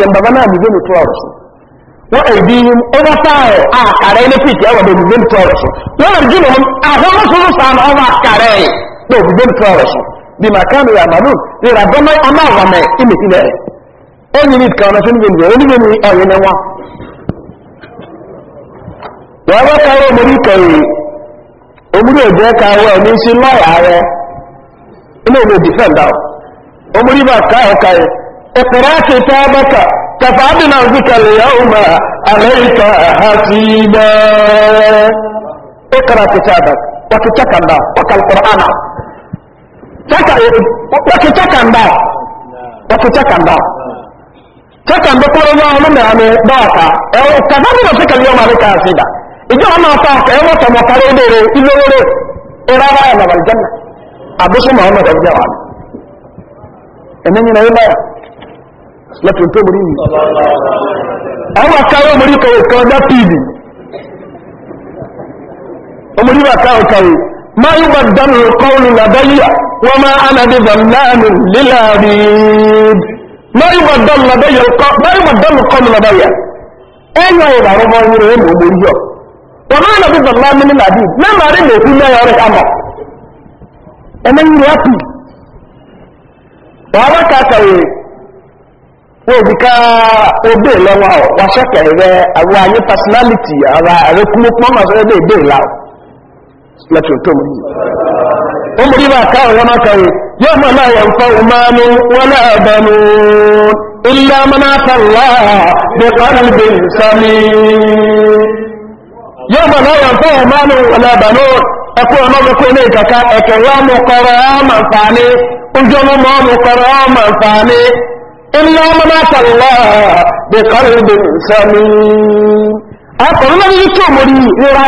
yambabana mugeni tuwarosu wa aidihim ubataho akare ne piti awa do mugeni tuwarosu wa ahoma awa akare do mugeni tuwarosu bima kanu ya malun ni rabama ama wame ime hile onye ni kawana sunu geni oni geni oyene wa wa wa kawo omori kai omori ni si lawyer re ile ile defend out omori ba kawo kawo اقرأ كتابك كفى بنفسك اليوم عليك حسيبا اقرأ كتابك وكتك الله وكالقرآن وكتك الله وكتك الله تكن بقول الله من يعني باكا كفى بنفسك اليوم عليك حسيبا إذا أنا أتاك يوم تمكرين إلى إلى إلى إلى الجنة أبو سمعون رضي الله عنه يعني. إنني لا يبقى láti tó mú nínú àwọn akáwọ̀ mú rí kọ̀wọ̀ kan dá pìlì ọmọ rí akáwọ̀ kàwọ̀ máa yí bá dánù kọ́ọ̀lù làbáyíyà wọ́n máa ánàdé bàmláàmì lílàrí máa yí bá dánù kọ́ọ̀lù làbáyíyà ẹ̀yà ìràrọ̀mọ́ ìrẹ̀ ẹ̀mọ̀ ọmọ yíyọ̀ wọ́n máa ánàdé bàmláàmì lílàrí mẹ́màá rí lòkú mẹ́yọ̀ rẹ̀ kàmọ̀ ẹ̀mẹ́ yí rẹ̀ pì wọ́n bá kàkàwé obi ka obe lọwa ọ wasaka ẹrẹ awọ anyị personality ara ẹrẹ kumokuma ma sọ ẹbẹ ebe la lẹtọ tó mu yìí ó mú nígbà ká ọ̀rọ̀ yóò mọ̀ náà yẹn fọ́ ọmọ wọn náà ilé amúná ọ bí kọ́nà bí yóò mọ̀ náà yẹn fọ́ ọmọ wọn náà bẹ̀ nu ní ìkàkà ẹkẹ wọn kọrọ ọmọ nfààní ojú ọmọ mọ kọrọ ọmọ nfààní. إلا من أتى الله بقلب سليم akọ̀rọ̀ lọ́dún yìí tó mọ̀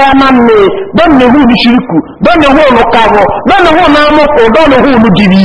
ya na ń lè bọ́ọ̀nù hù ní ṣíríkù bọ́ọ̀nù hù ní kàwọ̀ bọ́ọ̀nù hù ní amọ́kọ̀ bọ́ọ̀nù hù ní dìbì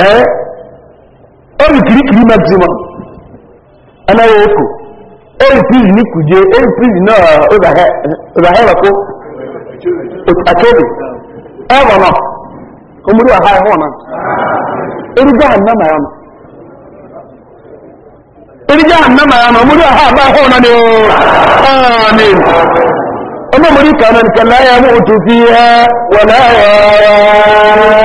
eh ori kirikiri maximum anaghị efu ori prison kuje ori prison na akebe nọ ọha ẹhụ na erigbe annama ya nọ erigbe annama ya nọ omuru ọha ẹba ẹhụ na ni amin na ya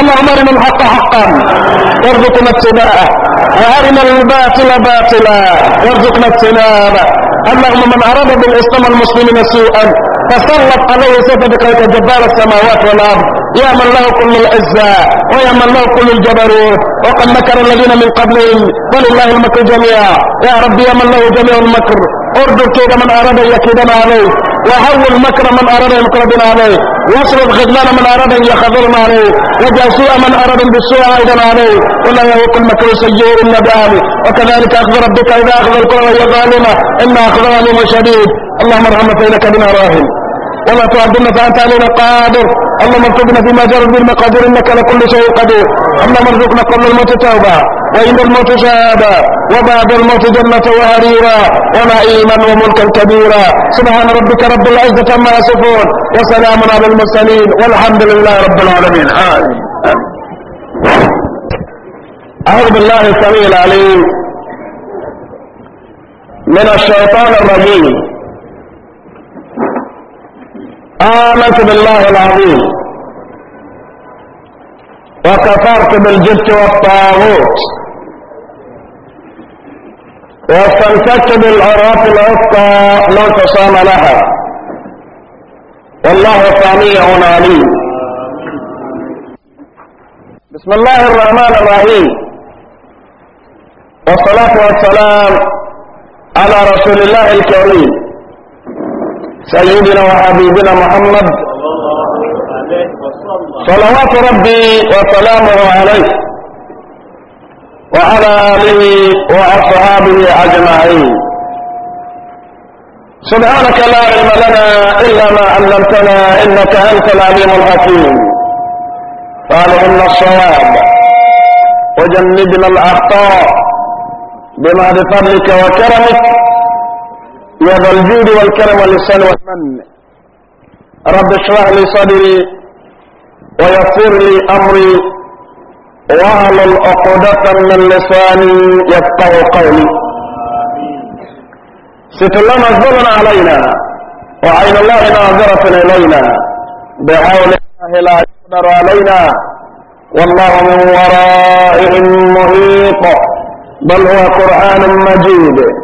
اللهم ارنا الحق حقا وارزقنا اتباعه وارنا الباطل باطلا وارزقنا اجتنابه اللهم من اراد بالاسلام والمسلمين سوءا فسلط عليه سيف بكرك جبار السماوات والارض يا من له كل العزه ويا من له كل الجبروت وقد مكر الذين من قبلهم ولله المكر جميعا يا ربي يا من له جميع المكر اردد كيد من اراد يكيدنا عليه وهول مكر من أراد أن يقرب عليه واصرف خذلان من أراد أن يخذل عليه وجعل سوء من أراد بالسوء أيضا عليه ولا يوق المكر سيء إلا بأهله وكذلك أخذ ربك إذا أخذ القرى وهي ظالمة إن أخذها يوم شديد اللهم ارحمنا فإنك بنا راهن وما تعبدون فأنت علينا قادر اللهم ارزقنا فيما جرت به المقادير إنك على كل شيء قدير اللهم ارزقنا قبل الموت توبة وعند الموت شهادة وبعد الموت جنة وهريرا ونعيما وملكا كبيرا سبحان ربك رب العزة عما يصفون وسلام على المرسلين والحمد لله رب العالمين آمين أعوذ بالله السميع العليم من الشيطان الرجيم آمنت بالله العظيم وكفرت بالجبت والطاغوت واستمسكت بالعراق العتقى لا تصام لها والله سميع عليم بسم الله الرحمن الرحيم والصلاة والسلام على رسول الله الكريم سيدنا وحبيبنا محمد صلوات ربي وسلامه عليه وعلى آله وأصحابه أجمعين سبحانك لا علم لنا إلا ما علمتنا إنك أنت العليم الحكيم فعلمنا الصواب وجنبنا الأخطاء بما بفضلك وكرمك يا ذا الجود والكرم واللسان والمن رب اشرح لي صدري ويسر لي امري واعلل عقدة من لساني يفقه قولي ست الله مجبولا علينا وعين الله ناظرة الينا بحول الله لا يقدر علينا والله من ورائهم محيط بل هو قرآن مجيد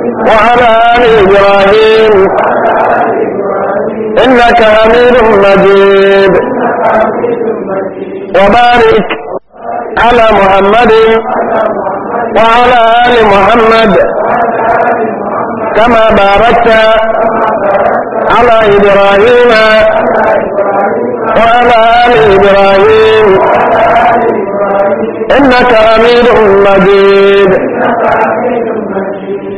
وعلى آل إبراهيم إنك أمير مجيد وبارك على محمد وعلى آل محمد كما باركت على إبراهيم وعلى آل إبراهيم إنك أمير مجيد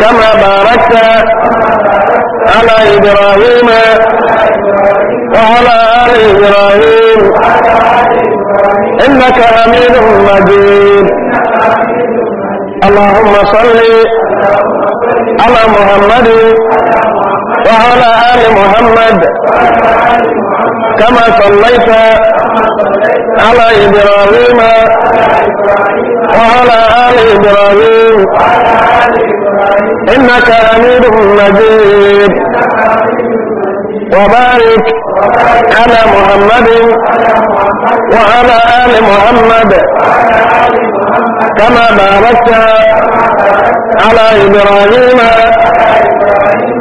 كما باركت على إبراهيم وعلى آل إبراهيم إنك حميد مجيد اللهم صل على محمد وعلى آل محمد كما صليت على إبراهيم وعلى آل إبراهيم إنك أمير مجيد وبارك على محمد وعلى آل محمد كما باركت على إبراهيم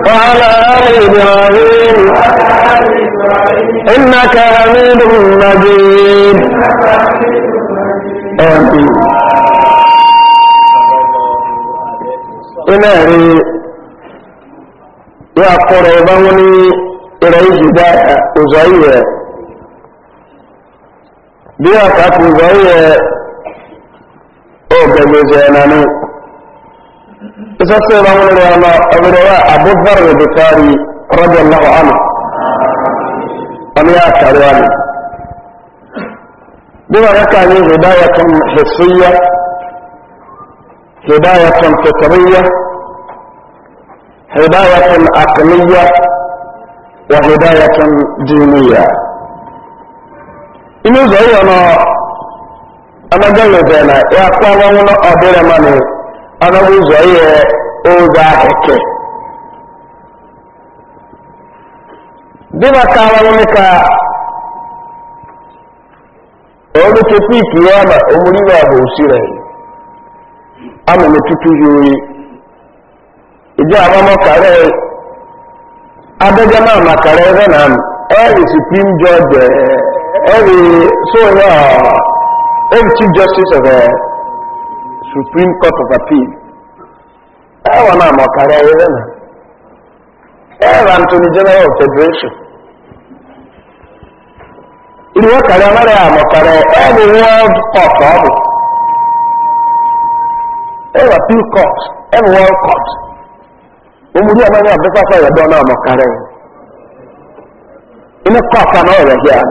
وعلى آل إبراهيم إنك حميد مجيد آمين إلهي يا قريبوني إليه جداء أزعيه بيا كاكو أزعيه أو بجزينا نوك يسأل الله يا الله أبروا أبو ذر البخاري رضي الله عنه أنا أشعر يعني بما ركعني هداية حسية هداية فكرية هداية عقلية وهداية دينية إنه زي أنا أنا جاي زينا يا أقوى أبو رماني ọlọ́wọ́ ụzọ ihe ụzọ ahịkị dịba ka ọlọ́wọ́ ka ọlọ́wọ́ tupu ikpe ya na omuribe a bụ osiri ama na tutu ya oyi ije abamọ kare abịaja na makara ebe na eri supreme judge eri so ya eri chief justice of eh, supreme court of appeal ẹwà náà mọ̀ kárí ayé lẹ́nà ẹwà anthony general of federation ìlú kárí amára àmọ̀ kárí ẹni world court ọ̀bù ẹwà appeal court ẹni world court omuri ọmọ ní abẹ́fà fún ẹ̀yẹ̀dọ́ náà mọ̀ kárí inú court àná ọ̀rẹ́ yẹn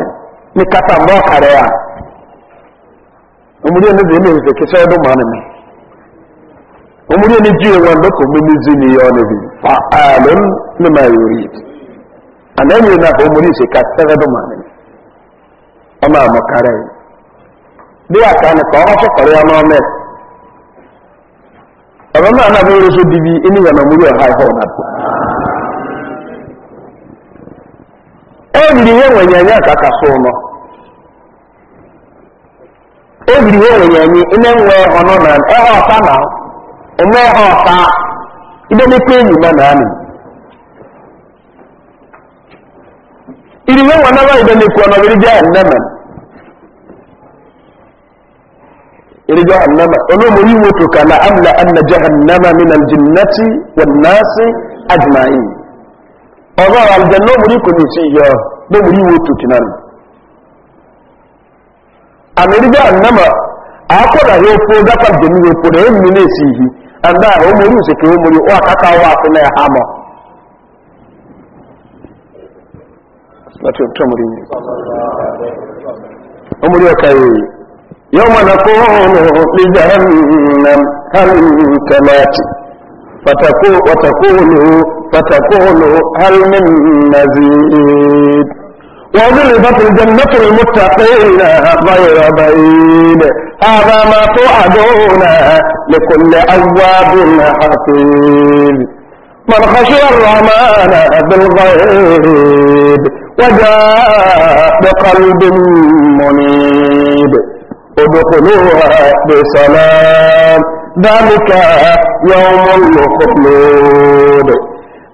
ní kátà mọ́ kárí à omuri ẹni bèèrè ní ìfẹ̀kẹ́sẹ́ ọdún mọ́ ni mi. umuri ni jiye wanda ji ni yo bi fa'alun lima yurid na umuri se ka tsara da mane amma makare bi aka ne ko wasu kore ya mame amma ma na bi so dibi ini ya na e na bi na ọmọ ọha ọta ibe mepe enyi na anị iriwe nwa nara ibe mekwu ọnọ iri jẹ annama iri jẹ annama olóòmò yìí wò ka na amla anna jẹ annama min aljinnati wa nasi ajma'in ọzọ aljanna omori kò ní sí yọ lóòmò yìí wò tòkì náà àmì iri jẹ annama ẹ̀dá òmòrí òsèké òmòrí wà kátà wà fúnlẹ̀ àmọ́ láti ọ̀tọ́ òmòrí yìí òmòrí ọ̀kà yìí yóò mọ̀ nàkó nígbà hannam hannam kẹmẹ́tì fatakó wàtakó lòó fatakó lòó hannam nazid وضربت الجنة المتقين غير بعيد هذا ما توعدون لكل أواب حفيظ من خشي الرحمن بالغيب وجاء بقلب منيب ادخلوها بسلام ذلك يوم الخلود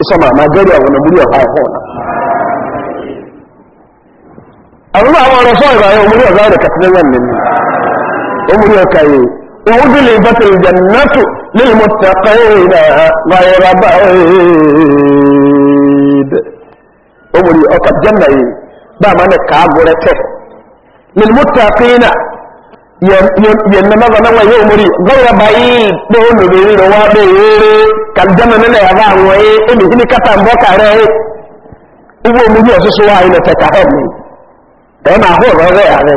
isoma nigeria wọn mú yọ̀ báyìí fún ọ̀nà. àwọn àwọn ọ̀rọ̀ sọ ìrọ̀ ayọ̀ múlẹ̀ ọ̀gá rẹ̀ kàtìlẹ̀ yẹn nìyí ó múlẹ̀ ọ̀ka yìí òun dì lè jannatu ìjà nàtò lílì mọ̀ rabaid ìrìnà báyìí rábà ẹ̀ẹ́dẹ̀ ó múlẹ̀ ọ̀ka jẹ́ bá mana máa ní kàá gọrẹ tẹ̀ yannama zana wa yau muri gaura bayi da wani bai da wa bai yere kan jama ya ba wa ye imi hini kata mbo kare ugo mu yo susu wa ina ta ha ni da na ho ro ga ya ne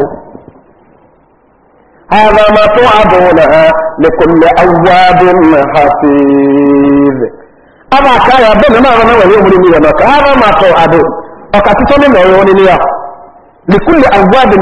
hada ma ha li kulli awabin hafiz aba ka ya bana ma zana wa yau muri ni na ka hada ma tu'adu akati to ne me yo ni ya li kulli awabin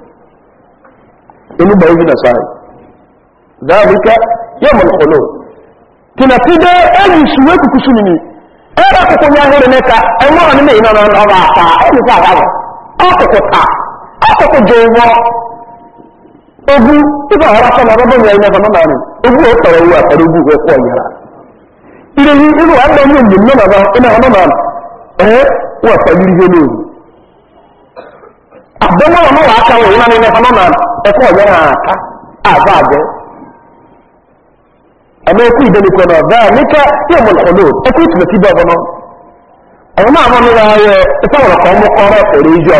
enigba hivi na sai dhalika yawm alkhulud ayi suwe era ko nya hore neka enwa ni me ina na na ba ta e ni ba ko ko ta ko ko ogu ti ba na na ni ogu o tare wa tare ogu ko ko ire ni wa ni ni na ba na na eh wa ni wa ma wa ka wa ina na na ẹkọ ọyẹ náà aka àbá àbẹ ẹmọ ẹkú ìdẹnukọ náà bẹẹ níkẹ tí èmo lọkọlọ ẹkú ìtumẹ ti náà náà án yìí ya.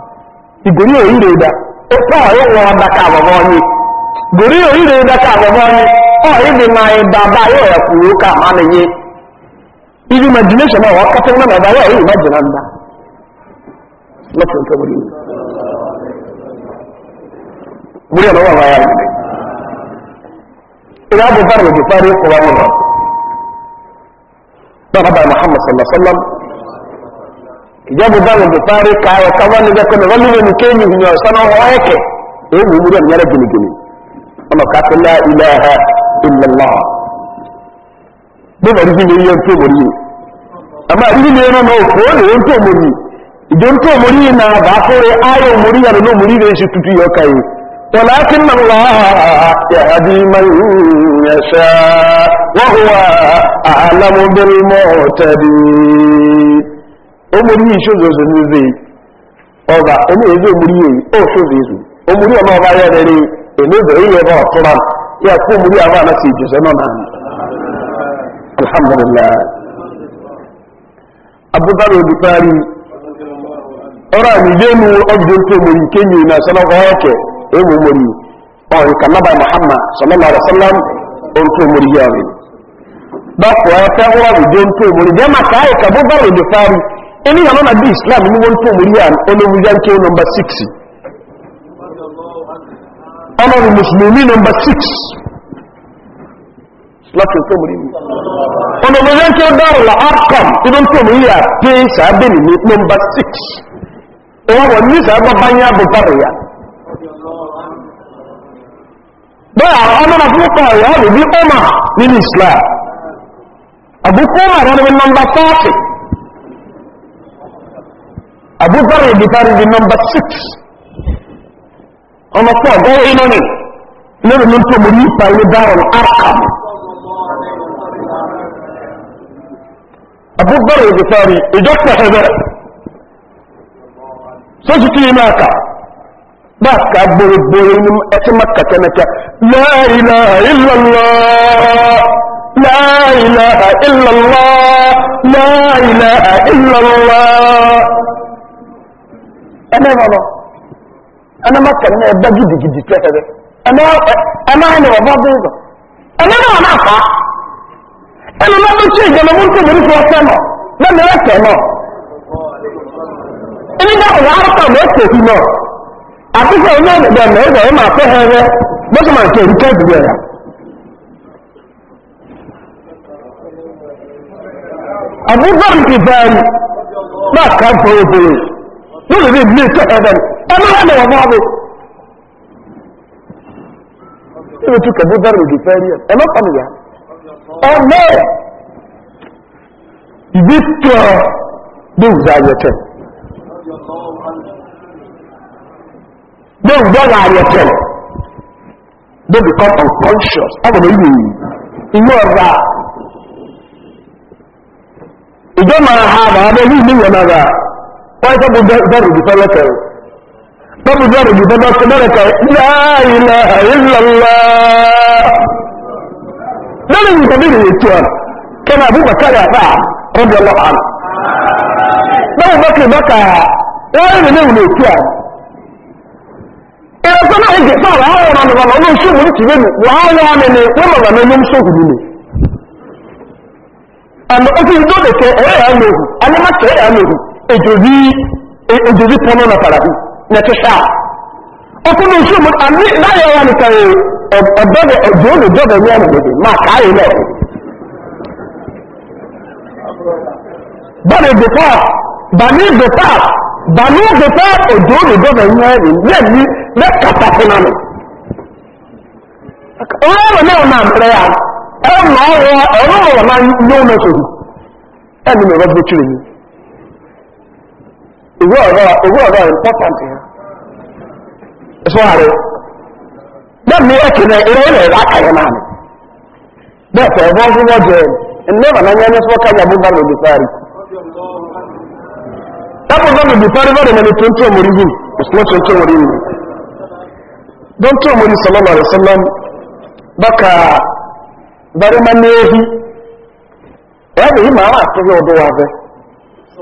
igori oyire da ofe ọyị nwụọ daka gori oyire daka abụọ onye dị na ịdaba ya ọya kwuru ụka ma na-enye ibi imagination ọwa kọta nwa na ịdaba ya ya nwere ina na bai Muhammad sallallahu alaihi ijabu dami bukari kawo ka a kono wani wani kenyi hinyo sana hoeke eh mu mudan yara gini gini ono ka ta la ilaha illa allah bo rizi na yon to mori amma ri na no no ko ne yon to mori ijon to na ba ko re ayo mori ya no mori ya shi tutu yo kai ولكن الله يهدي من يشاء وهو أعلم بالمعتدين omori yi shozo zo ni ze ọba ẹni èzí omori yẹ ó shozo ezu omori ọmọ ọba yẹ rẹ ẹni èzí èyí ẹbọ ọtúnra yẹ kó omori àwọn anasi ìjọsẹ na na ni alhamdulilah abubakar odukari ọrọ àmìyẹnu ọjọ tó omori kéyìn ní ya ọkẹ ẹwọ omori ọrìn kanaba muhammad sallallahu alaihi wa omori fẹ́ wọ́n ẹni yàmọ́ na bí islam ní wọ́n tó múrí à olórí yankee nọmba 6 ọlọ́rù musulmi nọmba 6 láti tó múrí mi olórí yankee dáàrù la arkham inú tó múrí à pé sàábẹ̀ nínú nọmba 6 wọ́n wọ́n ní sàábẹ̀ bá yá bọ̀ bàrẹ̀ yá bẹ́ẹ̀ àwọn ọmọ náà fún ọkọ̀ ọ̀yọ́ rẹ̀ bí ọmọ nínú islam àbúkọ́ àwọn ọmọ nọmba 40 Abu Dhar al-Ghifari the number six ọmọ pọ̀ gọ́wọ́ iná ni lórí ní tó mú ní ìpàlẹ̀ dáhùn arkam Abu Dhar al-Ghifari ìjọ pẹ̀hẹ̀bẹ̀ sójú kí iná aka bá ká gbogbogbò ní ẹtí maka tẹnẹta láìlá ìlàlá láìlá ìlàlá láìlá ìlàlá ɛnɛ bɔ no ɛnɛ ma kɛlɛ ne ɛba gidigidi tɛ ɛbɛ ɛnɛ ɛnɛ ayɛ ne wɔ bɔ bɛyi dɔ ɛnɛ wɔ na fa ɛnɛ ma bɛ tse jɛnɛ mo tse bɛri fɔ ɔtɛ nɔ ne mɛ lɛ tɛ nɔ ɛnɛ bɛ wɔ mɛ fi nɔ sɛ ɛnɛ bɛ mɛ ma nkɛ dugu bɛn n'a kan fɔ o bolo. wọ́n lè ní ilé ẹ̀dẹ̀ ọmọlẹ́mọ̀ wọ́n máa bó ní ojú kẹ̀bú dárò lè fẹ́ rí ẹ̀ ọlọ́pàá nìyà ọmọ ìwé tó gbóòzà ayẹ̀tẹ̀ gbóòzà ayẹ̀tẹ̀ don't become unconscious ọmọdé yìí ìwé ọ̀rá ìjọ́ máa ha àbáwọ́ ní ìlú ìwọ̀n náà wọ́n sọ gbogbo bẹ́ẹ̀rù bí fẹ́ lọ́kẹ̀ o sọ́bù bẹ́ẹ̀rù bí fẹ́ lọ́kẹ̀ láàrínà àrílọ́lá lórí ìgbàmírì ètò ọ̀nà kẹ́nà àbúbàkárì àpá ọdún ọlọ́pàá báwo bọ́kì bọ́kà wọ́n rìn ní ìwòlò ètò ọ̀nà ìrẹsọ náà ń gẹ̀ẹ́sọ̀ àwọn ọ̀rọ̀ ọ̀nà ọ̀nà ọ̀nà ìṣòwò èjòzí pọ́nà na fàràbí na ti sáà ọkùnrin oṣù mú àmì láyé wa nìkan ọ̀dọ́dọ̀ ọ̀dọ́ olùjọba ní ọ̀nà gbogbo máa káàyè náà bọ́ọ̀lù ìdòpá bàmí ìdòpá bàmí ìdòpá ọ̀dọ́ olùjọba ní ọ̀nà lẹ́ẹ̀mí lẹ́kàtà fúnà mi ọ̀rọ̀ náà náà mẹ́rẹ̀ ya ẹ̀rọ náà wọ ọ̀rọ̀ náà wọ̀ náà yóò mẹ́sọ̀rọ̀ ẹni mẹ́rọ̀ bí kiri yìí owó ọ̀rọ̀ owó ọ̀rọ̀ important yẹn ẹ̀fọ́ ààrẹ náà mi ẹ̀kì náà náà ni bẹ́ẹ̀ fẹ́ wọ́n jẹ ẹ̀nẹ́ bàbá yẹn ní sọ́ kájà bó bá lò lè fárí dábò tó ń tó ọmọrí yìí òṣùwọ́n tó ń tó ọmọrí yìí tó ń tó ọmọrí sọlọ́mọ rẹ̀ sọlọ́m bákà ní ehi ẹ̀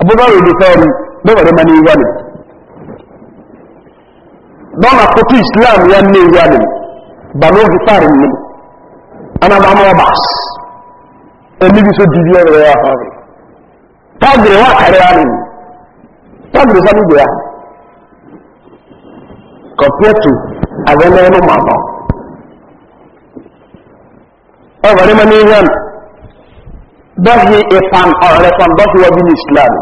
abubakar bukari bẹ́bẹ̀rẹ̀ ma ní ìwálì dọ́nà kòtù islam ya ní ìwálì bàbá òfìfàrin ní anábàmọ́ ọbàs oníbi so dìbí ọ̀rọ̀ ya fàrí tágìrì wà kàrí wà nìyí tágìrì sá nígbè ya kọ̀pẹ́tù àgbẹ̀lẹ́ ẹnu màmá ọ̀bẹ̀rẹ̀ ma ní ìwálì dɔhi ipan ɔrɛ fan dɔhi wa bini islam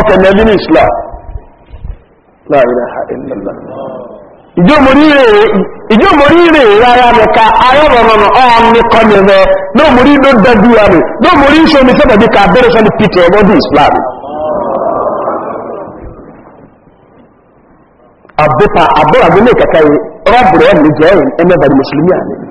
ɔkɛ na bini islam la ilaha illallah ijo morire ijo morire rara mi ka ayɔrɔ nɔnɔ ɔn mi kɔ mi rɛ n'o mori do dadu ya mi n'o mori so mi sɛbɛ bi ka bere sɔni pite ɛbɔ di islam abepa abora bi ne kaka ye rɔbure ɛni jɛ ɛni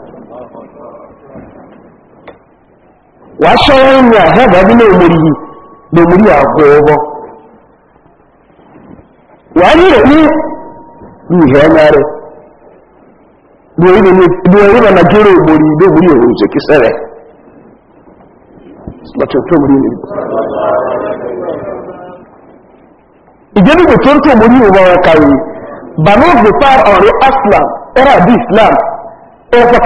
wàásọ̀rọ̀ ní àhẹ́bà bí ní òmìnirí yìí lòmìnirí àgbọ̀ ọwọ́ ní rẹ̀ ní ìhẹ́ ẹ̀yà rẹ̀ bí orí rẹ̀ na gẹ́rẹ̀ òmìnirí lòmìnirí òun ṣe kíṣẹ́ rẹ̀ ìjẹ́bìgbò tó ń tó mú ní ìwọ̀n ọ̀kàwé banoz the far ọ̀rẹ́ aslam ẹ̀rà bí islam ẹ̀fọ́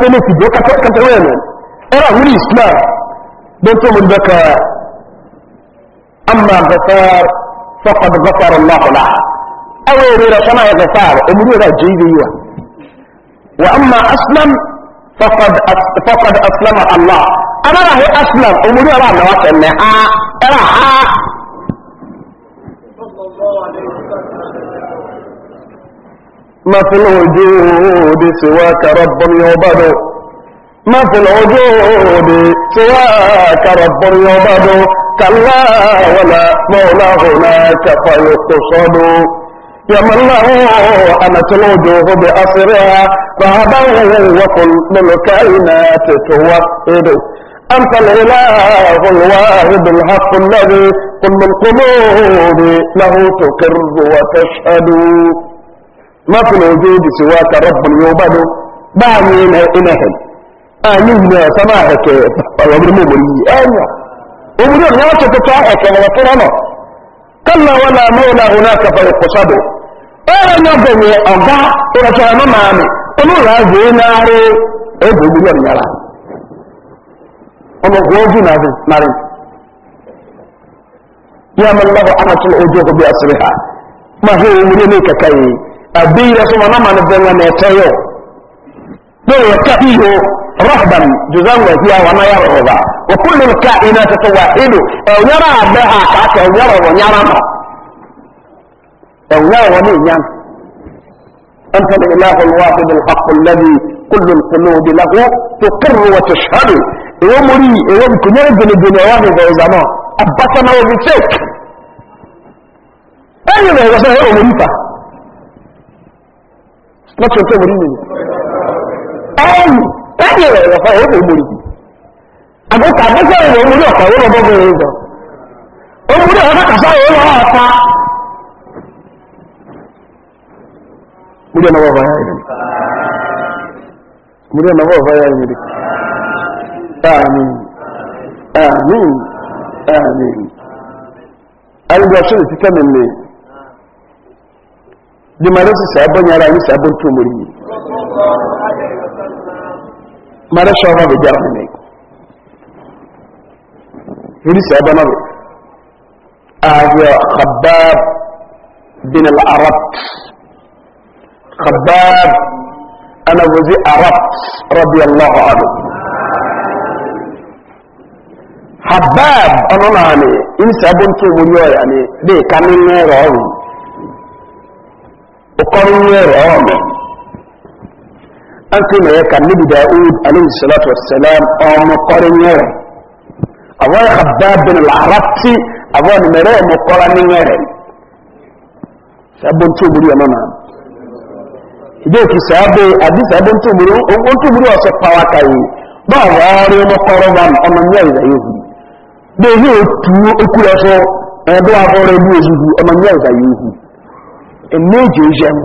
lè fìdí islam بنت البكاء أما الغفار فقد غفر الله لها أو يريد سماء غفار أمري لا جيبية وأما أسلم فقد فقد أسلم الله أنا راه أسلم أمري ذا نواس النهاء ها ما في الوجود سواك رب يعبد ما في الوجود سواك رب يعبد كلا ولا مولى هناك فيقصد يا من له أنت الوجوه بأسرها فهبا وكل الكائنات توحد أنت الإله الواحد الحق الذي كل القلوب له تقر وتشهد ما في الوجود سواك رب يعبد إلى إلهي anyị nne sama aheke ọgbụrụ mgbori ya ọ na ọkụrụ nọ kalla na amụ na ọrụ ọga ịrọchara mama ụlọ azụ ịnarị ebe ya ma nlọrọ amatụ ojú ha ma ma na ma na na ẹtẹ ọrụ n'ụlọ kapi رهبا جزاء وهي وما يرى الرضا وكل الكائنات تواحد او يرى بها كاك او يرى ما او يرى ونيرى انت الاله الواحد الحق الذي كل القلوب له تقر وتشهد يومري يوم كن يرد الدنيا ذو زمان ابتنا وبيتك اي ما هو سهل ومنفع لا تشوفوا مريم أي ẹ̀yìn rẹ̀ lọ́fọ́ yóò kò gbòrò àbúkà àbúkà ìwò omúrí ọ̀pọ̀ yóò lọ́bọ́ bẹ̀rẹ̀ ìjọ omúrí ọ̀pọ̀ kàṣà yóò lọ́ ọ̀pá múrí ọ̀nà yá yá àmì àmì àmì mi abọ́nyára yìí sábọ́n tó yìí mara shoma be jarani ne yuri sabana be ayo khabbab bin al arab khabbab ana wazi arab radiyallahu anhu habab ana nani in sabon to mun yo yani be kanin ne rawi o korin ne rawi an kai mai yakan nabi da'ud alaihi salatu wassalam a makorin yare a wani habbabin larabci a wani mere makoranin yare sabon tuburi a mana idan ki sabe adi sabon tuburi on tuburi wasu pawa kayi ba wa yare makorin ba ọmọ ní àyè ìdáyé hu bí èyí ò tu okú lọ sọ ẹ̀dọ́ afọ́rẹ́ bí òṣùgbù ọmọ ní àyè ìdáyé hu ẹ̀mí èjì ìṣẹ́mu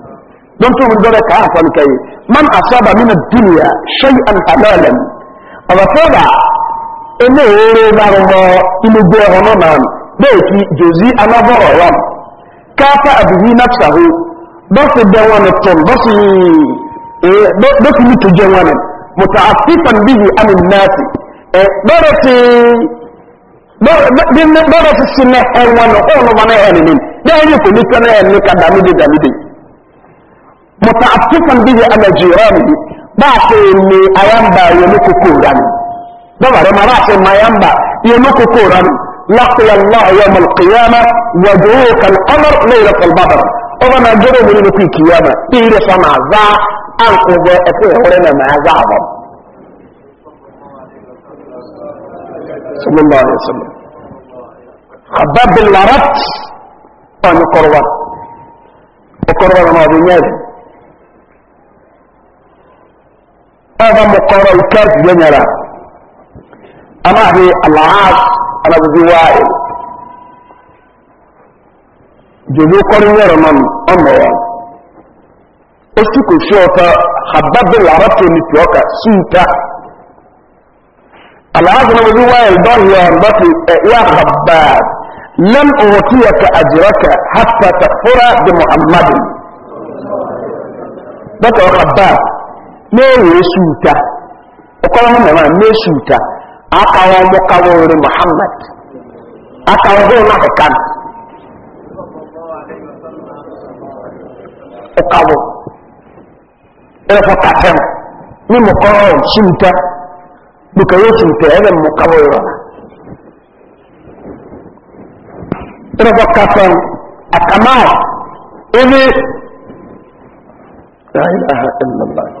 don to hulbe ka hasan kai man asaba min ad-dunya shay'an halalan aba foda ene ore na ro ilu gbe hono man be ki jozi anaboro wa ka fa abhi nafsahu do se de ton do si eh do si mi tuje won muta'affifan bihi an nas eh barati barati sinne en won ko no bana en ni da ni ko ni kana ni ka متعطفا به على جيرانه باقي اللي أيامبا يمكو كوران دور ما راح ما ينبا يمكو كوران لقي الله يوم القيامة ودعوك القمر ليلة البدر وما جرب اللي في قيامة إيه سمع ذا أنقو ذا ولنا مع ذا صلى الله عليه وسلم خباب بالمرات أن طيب يقربان وقربان ما بينيازي ba mu koro ikar yanyara ama bi al'as ala bi wa'il jeli koro yoro man amma ya osu ko shi ota habab al-arab ni tioka suta al'as ala bi wa'il dahiya bati ya habab لم أعطيك أجرك حتى تكفر بمحمد بكر خباب na-ewesi ụta ọkọrọ ha mere na-esi ụta akawa ọmụkawori muhammad akawa ọhụrụ na hekan ọkawo ịrịfọtatem ni mụkọrọ si ụta dịka ya si ụta ebe mụkawo ịrọ ịrịfọtatem akamaa ebe la ilaha illallah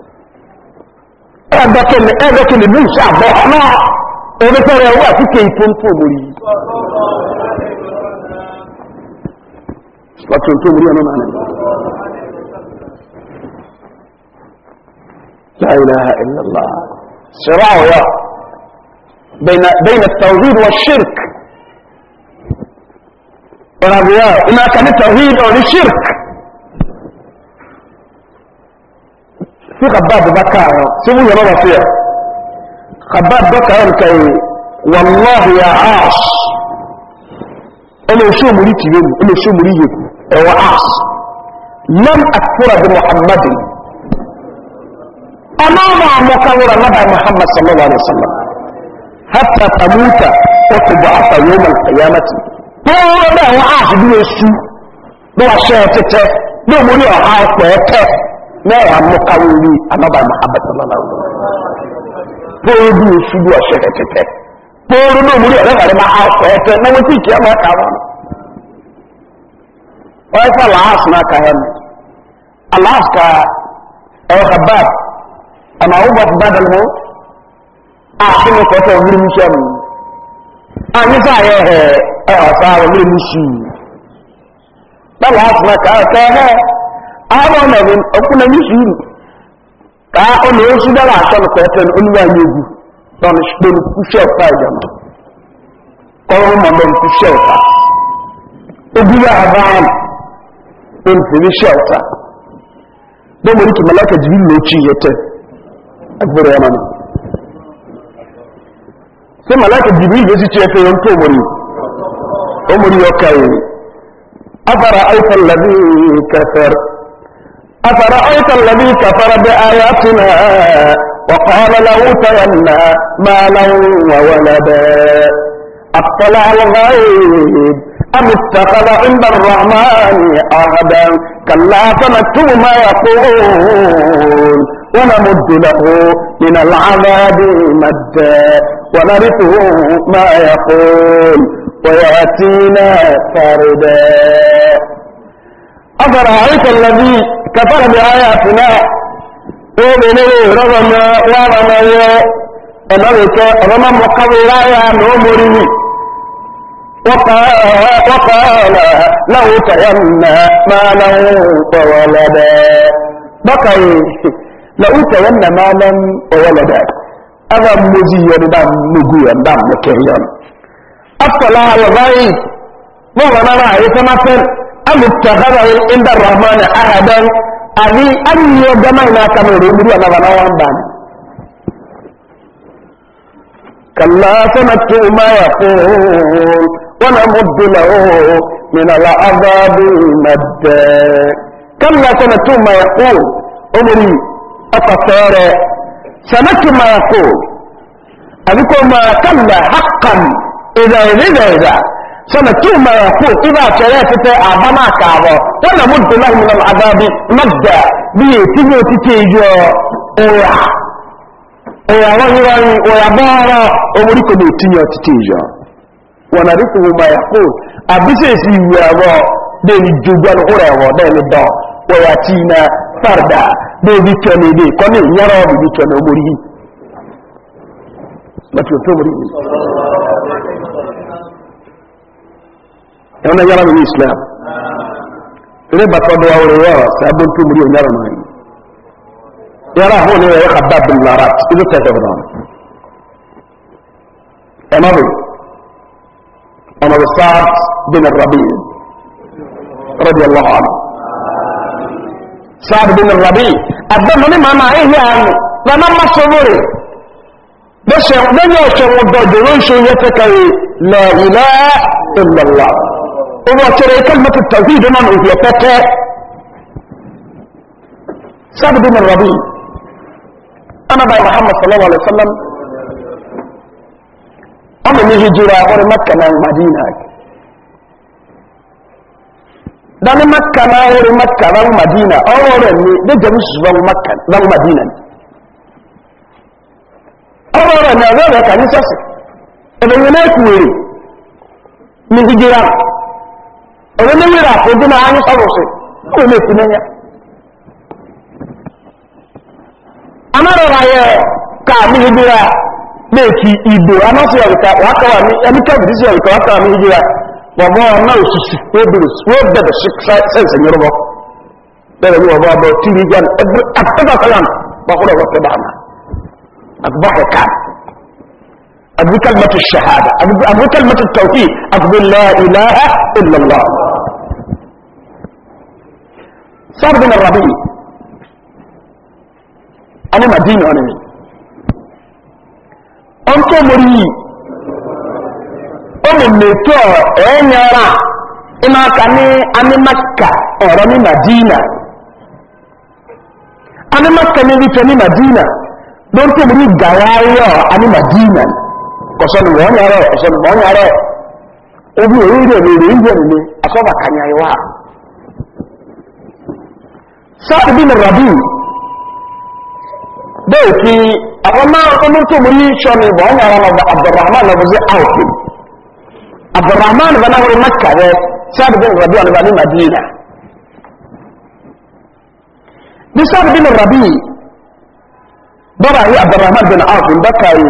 ẹ̀dọ̀kẹ̀lẹ̀ ẹ̀dọ̀kẹ̀lẹ̀ ní ìṣàbọ̀ náà onífẹ́rẹ̀ ẹwọ́ àfíkẹ́ ìfóntómórí látòntómórí ọ̀nà náà nìyà láìlá ìlàlá ṣẹ̀rọ àwọ̀yọ́ bẹ̀yìn tàwíd wa ṣírk ọ̀rọ̀ àbúyọ́ iná kan ní tàwíd ọ̀rí ṣírk tí khabab bá káàrọ̀ tí mú yọ̀lọ́ bá fíyà khabab bá káàrọ̀ ká yìí wàláhì ya aas ẹni oṣù múrí tìrẹ mu ẹni oṣù múrí aas nam akura bi muhammad ọmọ ọmọ amọkawura nabà muhammad sallallahu alaihi wasallam hatta tamuta wa tub'atha yawm al-qiyamah tó wọ́n bá ẹwà aas bí oṣù Na wàá ṣe ẹ̀ tẹ́tẹ́ mẹ́rin amúkáwórí anábà muhammad sallallahu alaihi wa sallam pòrò bí i ṣubú ọ̀ṣẹ́ kẹtẹtẹ pòrò náà múlẹ̀ ẹ̀rọ rẹ̀ máa sọ ẹ̀tẹ́ náà wọ́n ti kí ẹ̀mọ́ ẹ̀ka wọn. wọ́n fẹ́ làásù náà ká yẹn aláàsù ká ẹ̀rọ ká bá ọ̀nà àwọn bọ̀ bá dàlú àti mi kọ́ sọ òwúrú níṣẹ́ mi àmì ahụ ọnọdụ okwu na nyụsụ uru ka ọ na-ezu dara asọ na kweten onye anyị egwu nọ na shikpon kwusi ọta ịja ma kọrọ ụmụ mọ nkwusi ọta ogiri ahụ ahụ na mfere shi ọta malaka jiri na ochi yete agbụrụ ya mana sị malaka jiri ihe si chefe ya nke omori omori ọka ya afara aifan labi kafar أفرأيت الذي كفر بآياتنا وقال له تينا مالا وولدا أطلع الغيب أم اتخذ عند الرحمن عهدا كلا سنكتب ما يقول ونمد له من العذاب مدا ونرثه ما يقول ويأتينا فردا أفرأيت الذي كفر بآياتنا ومنه رغم ورغم أمرك رغم مقر الآية عمره وقال له تيمى ما له وولدا بقي لو تيمى ما لم وولدا أنا مزيان دام مجيان دام مكريان أطلع وغايب ما أنا رأي سمسر am ittakhadha inda ar-rahman ahadan abi an yadama ina kama rubuwa na bana wanda kalla sanatu ma yaqul wa namud lahu min al-'adhab mad kalla sanatu ma yaqul umri afasara sanatu ma yaqul abiko ma kalla haqqan idha idha idha sana tu ma yaqul idha tarafata abana kaabo wala muddu lahu min al'adabi madda bi tiyo titejo oya oya wani wani oya bara omuri ko tiyo titejo wana riku ma yaqul abise si yawo de ni jogan horewo de ni do oya tina farda de bi tene de ko ni nyaro bi tene omuri matu to omuri ẹ̀wọ́n yára nínú islam ilé bàtọ́ lọ́wọ́ orí yára sí abóntú múrí òyìnbó náà yìí yára àwọn oníwẹ̀ yẹ́ kàbá bin lara ilé tẹ̀sẹ̀ náà ẹ̀mọ́ bẹ̀ ọmọ bẹ̀ sáàt bin rabi rabi allah ọ̀nà sáàt bin rabi àbẹ̀mọ́ ní màmá ehi àánú lọ́nà má sọ́wọ́rẹ̀ bẹ́ẹ̀ ṣe lẹ́yìn ọ̀ṣẹ̀wọ̀n dọ̀dọ̀ ló ń ṣe yẹ́ tẹ́kẹ̀rẹ́ lẹ́yìn ilẹ̀ ìlọ́lá وترى كلمة التوحيد من هي فتاة سعد بن أنا بقى محمد صلى الله عليه وسلم أنا نجي جرا أوري مكة نا المدينة دان مكة نا أوري مكة نا المدينة أوري مي دي جمس نا مكة نا المدينة أوري مي أوري كنيسة إذا ينايك ويري نجي جرا ẹ̀wọ́n ní wíra àkójú máa ń sọ̀rọ̀ sí náà lè fi mẹ́yà amárọ̀rọ̀ ayẹ káàmì ìdíra léèkì ìbò amásí ọ̀rìkà wákàwà ní ẹnikẹ́bì tí sí ọ̀rìkà wákàwà ní ìdíra wọ̀bọ̀ ọ̀nà òṣìṣì wọ́n bẹ̀rẹ̀ sẹ́ǹsì yọrọ̀ bẹ̀rẹ̀ ní wọ̀bọ̀ ọ̀bọ̀ tí ìgbà ẹgbẹ́ àtẹ́bàkọ́lá أبو كلمة الشهادة أبو كلمة التوحيد أبو لا إله إلا الله صار بن الربيع أنا مدينة أنا أنت مري أنا ميتو أين يرى إما كاني أنا مكة أراني مدينة أنا مكة نبي تاني مدينة دونت مري غوايا أنا مدينة ọ̀sọ́nù wọ́n yàrá ọ̀sọ́nù wọ́n yàrá obi orílẹ̀ èdè ìjẹ́ nílé asọ́bà kanyà ìwà sáàdì bí mẹ̀rọ̀bí bẹ́ẹ̀ fi àwọn olótòmórí ṣọ́nù wọ́n yàrá lọ́gbà abdurrahman lọ́gbà sí áwùkì abdurrahman bá náà wọ́n mẹ́kà rẹ sáàdì bí mẹ̀rọ̀bí wọn bá ní madina bí sáàdì bí mẹ̀rọ̀bí bọ́ra yìí abdurrahman bin áwùkì bá kàyè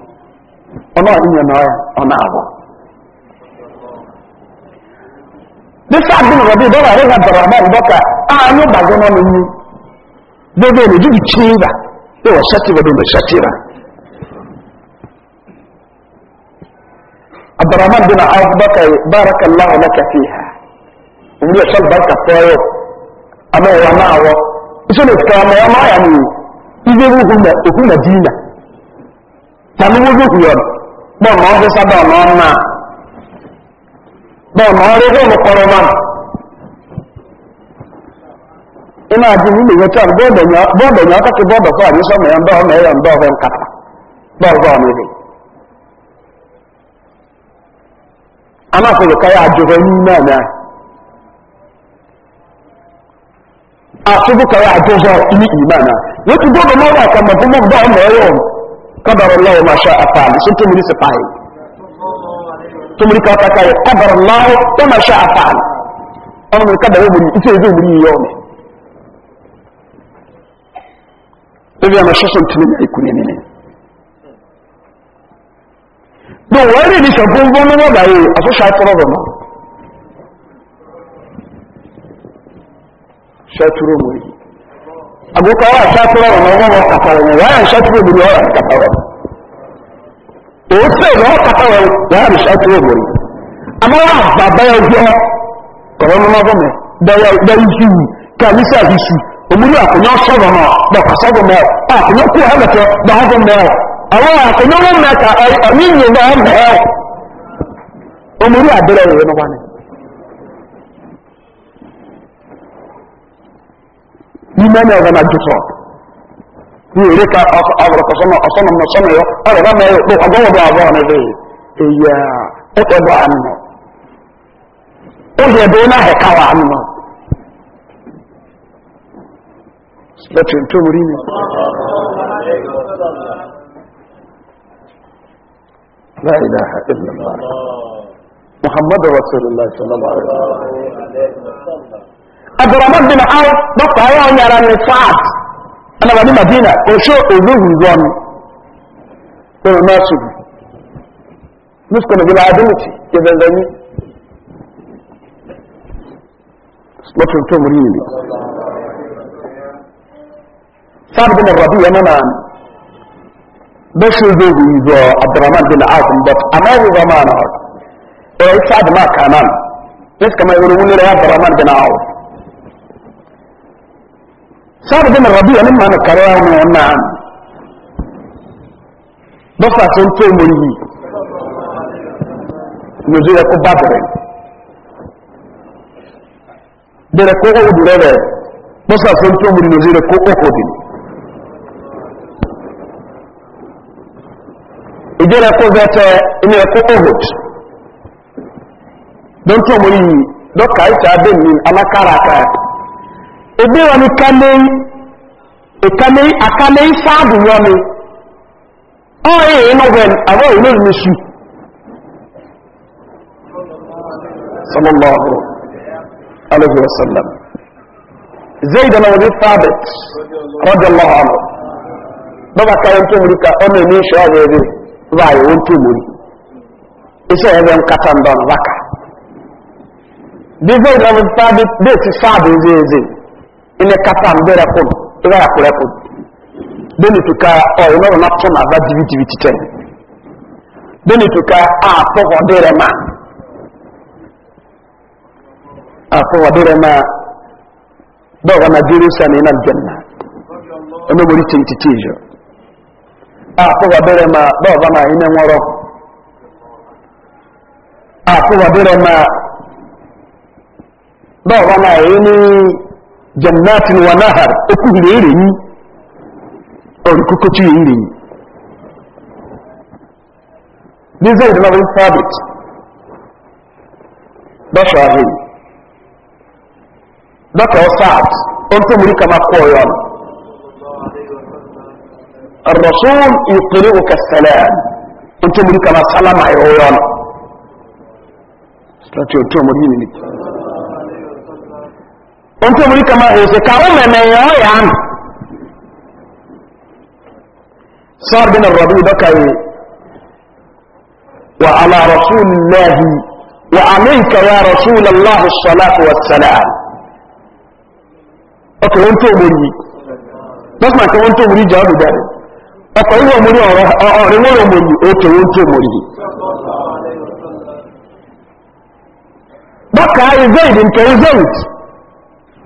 ọnụ ọdịnye na ọya ọ na-abụ dịsa abụrụ rọbị dọla ịga dọrọ ma mbọ ka anyị gbazọ nọ n'imi bebe na ejiji chi dị na e shatira abdurrahman bin auf baka barakallahu laka fiha umri ya shan barka foyo amma wa na'awo isu ne ta ya ma ya na dina tàbí wúdú hùyọ̀ bọ́ọ̀ mọ́ ọ sábà ọ̀nà ọ̀nà bọ́ọ̀ mọ́ ọdún bọ́ọ̀ kọ́rọ̀ mọ́ ina ji nínú ìwé chọ́ọ̀ bọ́ọ̀dọ̀ yàn ọkọ̀ bọ́ọ̀dọ̀ kọ́ àdísọ́ mẹ́yọ ń dọ́ọ̀ mẹ́yọ ń dọ́ọ̀ bẹ́ẹ̀ nkàtà قدر الله ما شاء فعل سن تمري سباي تمري كاتا كاي قدر الله ما شاء فعل انا من قدر يبني انت يزو بري يوم اذا ما شسن تمني يكون يمين دو وري دي شغون بونو ما باي اسو شاطرو بونو شاطرو مري agogo awa na ọhụrụ ọkatara ya ya nsatoro ogbori ọrụ nkatara otu ebe ọ katara ya nsatoro ogbori amara baba ya ọjọ kọrọ ọnụ n'ọgọmị da isi wu ka alisa ahisi omuri akwụnye ọsọ rọ nọ da kwasa gọ mẹ a akwụnye ku ha mẹtọ da ha gọ mẹ awa akwụnye ọnụ mẹ ka omuri ya imani ọ̀gá na jùtọ̀ ní èrè ka àbùrọ̀kọ̀ sọ́nà ọ̀sọ́nà mọ̀ sọ́nà yọ ọ̀rọ̀ bá mẹ́rin pé ọgọ́wọ̀dọ̀ àbọ̀ ọ̀nà lè èyí ẹ̀kọ́ bọ̀ àmìnà ó yẹ bẹ́ẹ̀ náà ẹ̀ka wà àmìnà lẹ́tìn tó rí mi láìláha ìlàlá muhammadu rasulullah sallallahu alaihi wa sallam abdulrahman bin aw dɔkta ayɛ ɔnyara ne saad ɛna wɔ ne madina ɔhyɛ ɔzuhu zɔn ɛna ɔna so bi muslim reliability yɛbɛnzanyi lɔtɔn tó muri yìí saad bin rabi yɛ nana bɛsi ɔzuhu yi zɔ abdulrahman bin aw but amaa yi zɔ maa na ɔrɔ ɛyɛ saad maa kanan ne sikama yɛ wɔrɔ wuli rɛ abdulrahman bin aw. sáàbù na mẹ̀rọ̀bí ẹni máa nìkàrẹ́ ọmọ ẹ̀ máa bọ́fà tó ń tó mọ yìí lójú rẹ̀ kó bá bẹ̀rẹ̀ bẹ̀rẹ̀ kó ó dùrẹ́ rẹ̀ bọ́fà tó ń tó mọ lójú rẹ̀ kó ó kòdì ìdí rẹ̀ kó bẹ́tẹ̀ inú rẹ̀ kó ó hòt ló ń tó mọ yìí lọ́kàá ìtàdé mi alákàràkà ebe wani kame ekame akame isaadu wani ọrịa eyi e, nọvel abụọ ilé e, ìmesù sallallahu alaihi wasallam zaid na wani thabit radiyallahu anhu baba kayan tumuri ka ọmọ ẹni ṣe ọrọ ẹni ba yi wọn tumuri iṣẹ ẹbẹ nkata ndọ na bí zaid wani thabit bẹẹ ti sáàbù zai ene kata mbere kun iba ya kure kun beni tuka o oh, ino na tuna ba divi divi tite beni tuka a to ho dere ma a to ho dere ma do ga na diru sani na janna ene mori tinti tijo a to ho dere ma do ga na ine nworo a to ho dere ma do ga na ine jannatin wa nahar okuhire erenyi orukokoti erenyi biza irabari sabit bashahi baka osat onto muri kama koyon salam يقرئك muri kama salama سلام عيون استراتيو انتم مريم onto muri kama ese ka o meme yo ya am sar bin rabi bakai wa ala rasulillah wa alayka ya rasul allah salatu wassalam oko onto muri bas ma ko onto muri jawabu dare oko iwo muri oro oro woro muri oto onto muri baka zaid nke zaid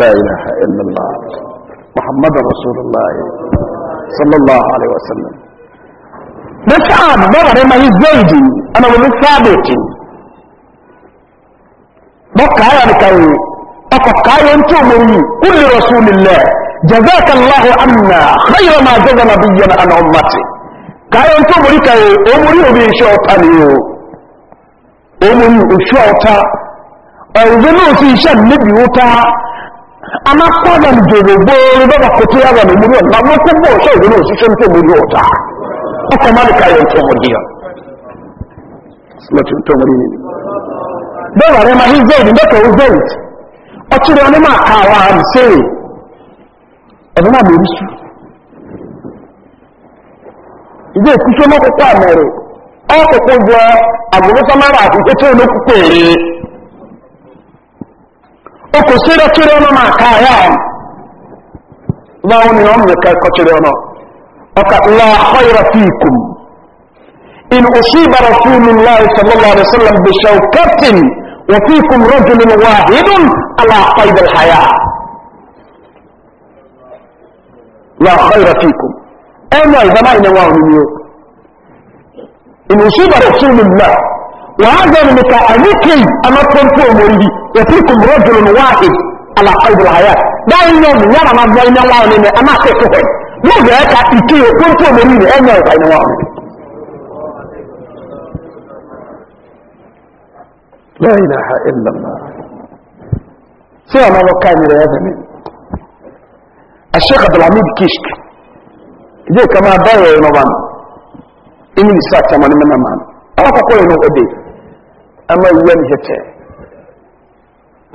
لا إله إلا الله محمد رسول الله صلى الله عليه وسلم بس عاد ظهر ما يزيدي أنا ولد ثابت بقى يعني كوي أفقى ينتمري كل رسول الله جزاك الله عنا خير ما جزى نبينا عن أمتي كاي ينتمري كاي أمري وبي وبيشوطاني أمري وشوطا أو ذنوسي شن نبي وطا amakwana mjere gboro baba kote yawa na muri ọ̀la wọn kó bọ̀ ṣe ìwé náà ṣiṣẹ́ nípa muri ọ̀tá ọkọ̀ máa nìka yẹn tó wọ́n yíyọ. lọ́tún tó ka àwọn àrùn sẹ́yìn ẹ̀rọ náà lórí sùn. ìdí èkúṣe mọ́kókó àmẹ́rẹ̀ okosere kiri ọnụ ma aka ya lawo ni wọn mẹka kọchiri ọnụ ọka la khayra fikum in usiba rasulullah sallallahu alaihi wasallam bi shawkatin wa fikum rajulun wahidun ala qayd al haya la khayra fikum ana zama ina wa ni yo in usiba rasulullah wa hadha min ka aniki ama tonto moridi وفيكم رجل واحد على قلب الحياة دائما يرى ما بين الله ومن أما تكفر ماذا يكا إتيه كنت مريد أين يرى بين الله لا إله إلا الله سيما ما كان إلى هذا من الشيخ عبد العميد كيشك إذا كما بايع نظام إني ساعة من من أمان أما تقول إنه أبي أما يوم يتعي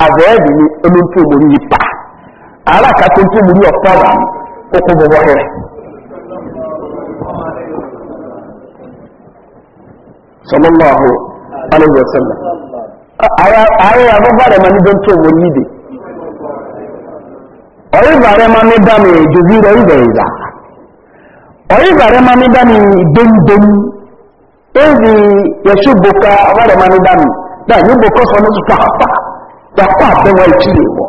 Azụ ni ɛnuntu omori yi pa alaka tuntu omori ɔtɔla koko bɔbɔ hɛ sɔlɔlɔho alayhi wa sallam rɛ ma ni bɛ ntu omori yi de ɔyiba rɛ ma yi la rɛ ma ezi rɛ ma boka wakɔ abɛwa akyire wɔ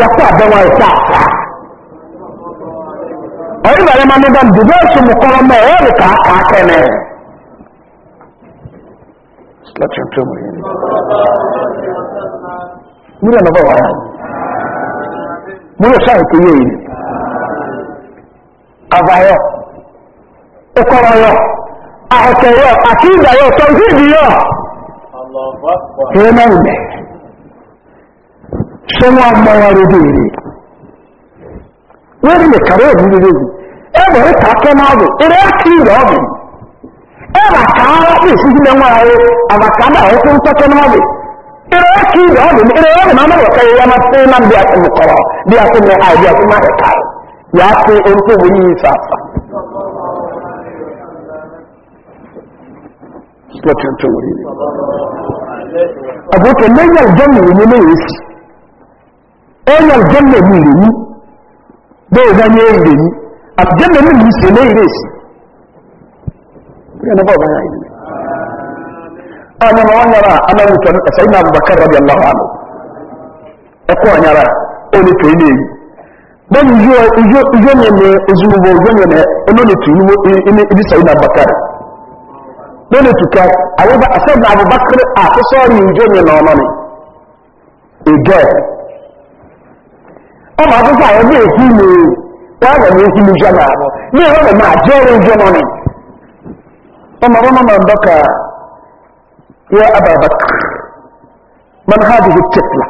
wakɔ abɛwa ɛsɛ asa ɔyɛ barima no dam de bɛɛ so mokɔrɔ ma ɛyɛ de kaakaa kɛnɛ mura na bɛwa mura sa ɛkɔ yɛ yi avayɔ ɛkɔrɔ yɔ ahɔkɛ yɔ akida yɔ tɔnfidi yɔ ẹ náà lẹ̀ ṣé wọ́n mọ wọn rí bèèrè wọ́n rí lè kàwé òní lórí òní ẹ eré eré eré máa mọ̀rọ̀ kẹ́ máa tẹ́ náà bí a ti mú kọ́rọ̀ bí a ti mú àìdí a ti má slọtịn tó wọlé ni àbúkẹ lẹyìn àjọmọ ìwé ní èyí sí ẹyìn àjọmọ mi rè mí bẹẹ bá na rè mí àjọmọ na rè sí lẹyìn rè sí na ba ba e na ma ana mutuwa na kasai na rabi allahu anu to yi ne ne ne ne e e na lórí tukẹ asẹ́dùn abubakar àkúsọ́rì ìjọ mi nà ọ̀nà ni ìjọ ẹ̀ ọmọ akúsọ́ àwọn bí èkú ni wọ́n wọ̀ ní èkú ìjọ náà bọ̀ ní ìwọ́n máa jẹ́ orí ìjọ náà ni ọmọ ọmọ ọmọ ọdọ́ka yẹ abubakar man ha bí tẹ̀tla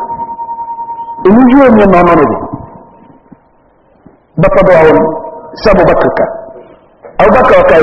èyí yóò mi nà ọ̀nà bàtà bọ̀ àwọn ká abubakar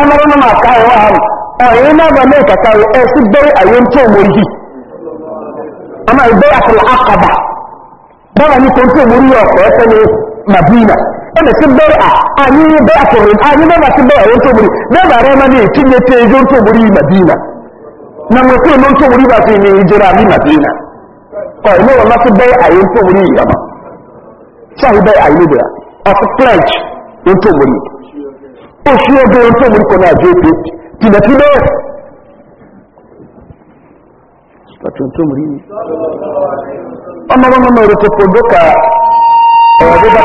ọmọ ọmọ máa ká ẹwà àrùn ọ̀rẹ́ iná bá ìkàkà rẹ̀ ẹ sí bẹ́rẹ̀ àyè ń tó mọ̀ yìí ọmọ ìgbẹ́ àtàlà àkàbà bọ́wà ní tó ń tó mọ̀ yìí ọ̀pọ̀ ẹ̀fẹ́ ní màbúìnà ẹnì sí na àyè rẹ̀ na mo tó ń tó mọ̀ bá ní ọ̀rẹ́ wọ́n àyè yìí sáà oṣù ọdún tó mú kọ náà jẹ́ jìnà tí náà ṣùgbọ́n tó mú rí ní ọmọ ọmọ ọmọ ìrètò kò dókà ọ̀rọ̀ dídá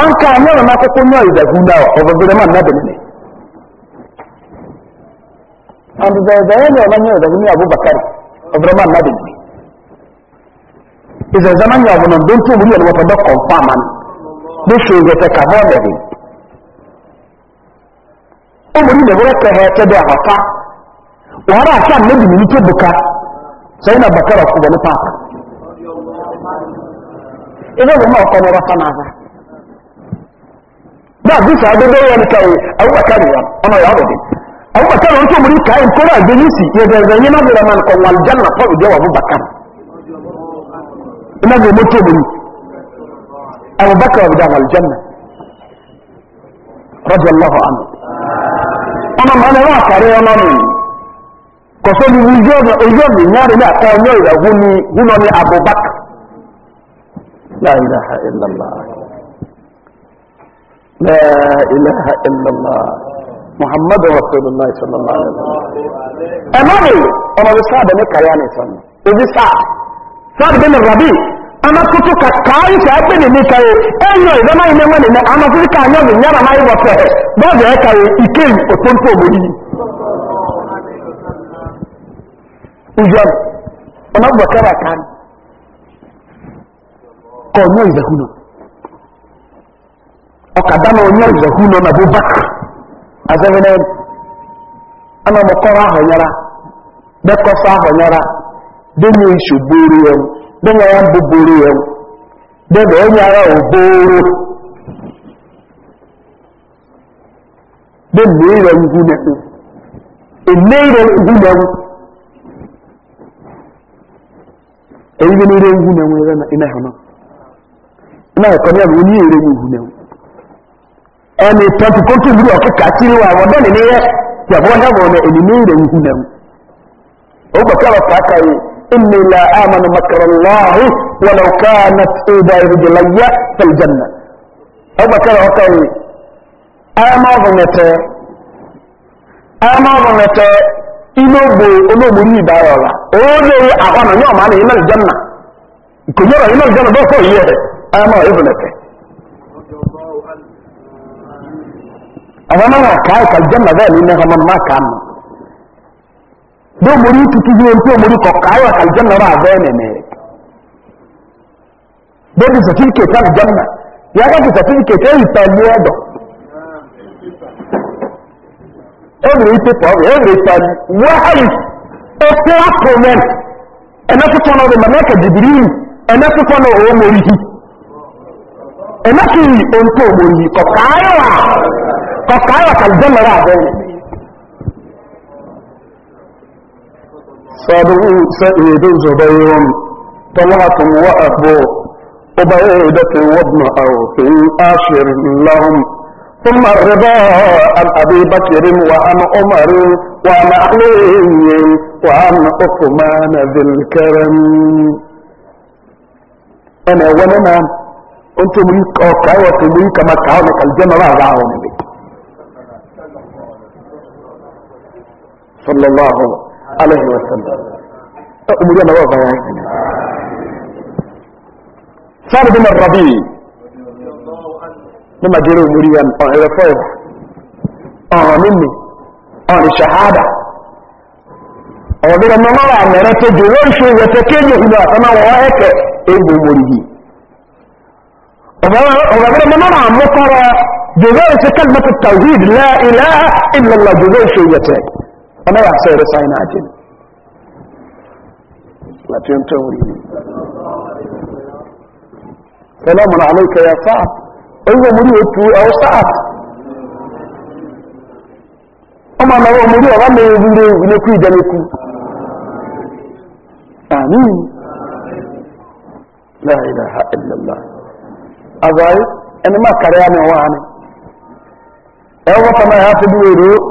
an ka náà na kókó náà ìdàgún náà ọ̀rọ̀ dídá máa náà bẹ̀rẹ̀ àbùbẹ̀ ìbẹ̀rẹ̀ náà máa náà ìdàgún ní abubakar ọ̀rọ̀ máa náà bẹ̀rẹ̀ ìzẹ̀zẹ̀ máa ń yà ọ̀gbọ̀nà tó mú rí ẹ̀lọ́wọ́tọ̀ dọ́kọ̀ fáàmà ní ṣe ìgbẹ̀tẹ̀ kàbọ́ọ̀lẹ̀ rẹ̀ omori na wura ka hɛtɛ dɛ hɔta wɔhara ahyɛ a nabi nini to buka sɛyi na bakara ko wɔ ne paapa ɛbɛ wɔn a ɔkɔ no ɔbɛfa n'adza na adi saa dodo yɛ nika yi awubakari yɛ ɔno yɛ ɔbɛdi awubakari wɔn to omori kaa nkoro a gbɛyi si yɛ dɛ zɛnyi na bɛrɛ man kɔ wali gyan na pɔbi deɛ wɔ abubakar ina bɛ mo to omori abubakar wɔ bi da wali gyan na rɔdi allahu anhu. ọmọ mọ̀ ní wọ́n àkàrí ọmọ mi kò só ní ojú ọ̀mì nyáre ní àkọ́ ọmọ ìrẹ̀ hú ní húnọ ní abubakar la ilaha illallah la ilaha illallah muhammad rasulullah sallallahu alaihi wasallam ẹ má rè ọmọ bí sáà bẹ ní kàrí àná ìsọ̀nù ojú sáà sáà bẹ ní rabi amakutu ka kaayi ka ɛkpɛ ne ne kaye ɛnyɔ yi yi eme ne ne anafiri ka anyɔ ne nyɛ nana yi wɔ pɛhɛ bɛɛ yɛ kaye ike yi otonto omo yi. ujɔn ɔna kan na ɔnyɔ izahuno na bo bak azɛbɛnɛ ana mɔkɔrɔ ahɔnyara bɛkɔsɔ ahɔnyara bɛ dịnya ya bụburu ya debe onye agha oboro dịmma ire ngwu nekpe eme ire ngwu m. eyibe na ire ngwu m ere na inehana e e ina ọkọ ya bụ onye ire ngwu m. ẹni tọ́tù kó tún búrú ọ̀kẹ́kẹ́ àtìrí wa àwọn ọ̀dọ́ nìyẹn yàgbọ́n dábọ̀ ọ̀nà ènìyàn ire ngwu nenwu ó kàyé إني لا آمن مكر الله ولو كانت إيدا رجلي في الجنة أبا كان أقول أما ظنته أما ظنته inobo olóòmù ní ìdára ọ̀la oóyè àwọn àyàn máa ní iná ìjánà kò yọrọ iná ìjánà bẹ́ẹ̀ fọ́ ìyẹ́ rẹ̀ ẹmọ ìbùnẹ̀tẹ̀ àwọn náà kàá ìkàjánà bẹ́ẹ̀ ní mẹ́hàmà máa do mori tutu yi nti omori kɔ kaayɔ alijanna ɔrɔ avɛ nɛnɛ do di certificate alijanna yaga di certificate eyi pɛlu ɛdɔ every paper every pɛlu wahali ofe apomen ɛnɛ tutɔ na ɔrɔ mɛka jibiri ɛnɛ tutɔ na ɔrɔ mori hi ɛnɛ kiri onto omori kɔ kaayɔ kɔ kaayɔ alijanna ɔrɔ avɛ nɛnɛ. صابر سعيد زبير طلعة وأبو عبيدة وابن أوف آشر لهم ثم الرضا عن أبي بكر وعن عمر وعن علي وعن عثمان ذي الكرم أنا ولنا أنتم ليك أو كاوة ليك ما تعاونك الجنة لا دعوني بك صلى الله عليه وسلم عليه وسلم أمري الله وبيان صار من الربيع لما جروا مريا أن رفعه آمني آه، أن آه، شهادة أولا آه، ما مرة مرته جوان شو يتكلم إذا أنا وهيك إبو مريدي أولا ما مرة مرة جوان كلمة التوحيد لا إله إلا الله جوان شو يتكلم ọmọ sai sọ ẹrẹsà na àjẹ láti ń tẹ́wọ̀n yìí ẹ̀lọ́ mọ̀nà àmì ìkẹyà sáà oríwọ̀ mú rí ètù ẹ̀wọ̀ sáà ọmọ àmàwọ̀ mú rí ọ̀rọ̀ mẹ́rin rí rí ní kú ìjẹ́ lẹ́kú àmì láìláà ẹ̀lọ́lá àgbáyé ẹni má kàrẹ́ àmì ya ní ẹ̀wọ̀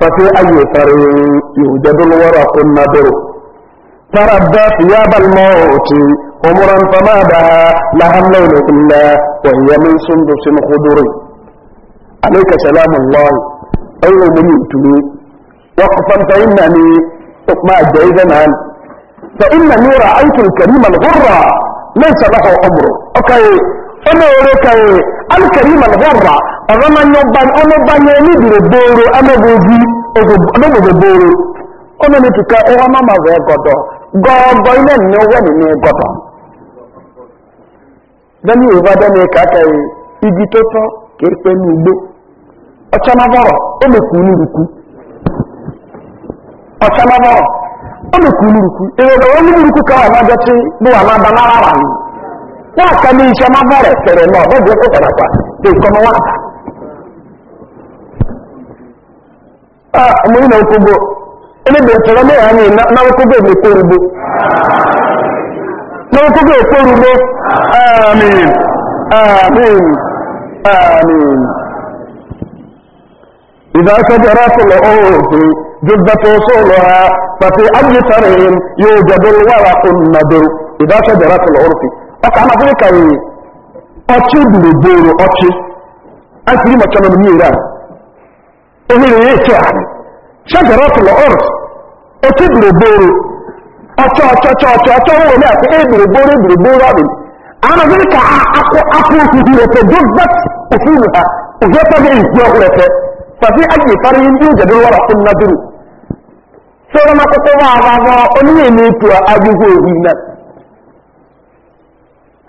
ففي أي طريق يوجد الورق النضر تردى ثياب الموت أمرا فما بها لها الليل إلا وهي من سندس خضر عليك سلام الله أي يؤتني وقفا فإنني ما جيدا نعم. فإنني رأيت الكريم الغرة ليس له أمر أوكي ọmọ oró kẹrẹ alìkẹrìmà lọ́wọ́ra ọ̀rọ̀ ma ní ọmọba ní oníbìrì gbòòrò amẹ́gbòógí ọmọgbògbò gbòòrò ọmọ mi tùkẹ́ ẹwà máma rẹ̀ gọ̀dọ̀ gọ́ọ̀gọ́ ilẹ̀ ní ọwọ́ mi ní gọ̀dọ̀ lẹ́nu yorùbá dẹ́nu kàkẹ́rì igi tó tọ́ kìí pé kú kú n'ala náà kàmí iṣẹ́ máa na sẹ̀rẹ̀ náà kwa dị ó kọ̀ọ̀kan àpá bí nǹkan wá. ọmọ yìí náà kúgbó oníbẹ̀ ìtọ́rọ mẹ́rin àmì náà kúgbó èmi kó rúgbó náà kúgbó èkó rúgbó àmìn àmìn àmìn. إذا شجرت العوف جلدة أصولها ففي أي فرع يوجد الورق النبر إذا شجرت ọka a na-abụghị ka ọchị gburugburu ọchị a siri maka na mmiri a ohere ya eche ahụ ọtụlọ ọrụ ọchị gburugburu ọchọ ọchọ ọchọ ọchọ ọchọ gburugburu e e ka akwụ akwụ ha ọhụrụ a ga mmadụ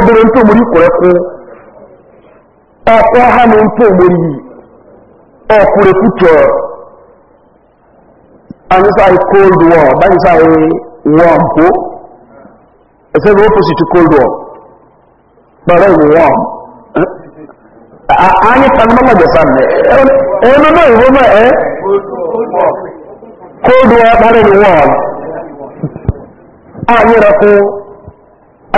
obere ntomori kwerekwu ọkwa ha na ntomori ọkwerekwutọ anyị saghị cold war anyị saghị war mpụ esebe na opposite cold war kpọrọ ewu war anyị tanụmanụ jesa nne enu na iwu na e cold war kpọrọ ewu war anyị rekwu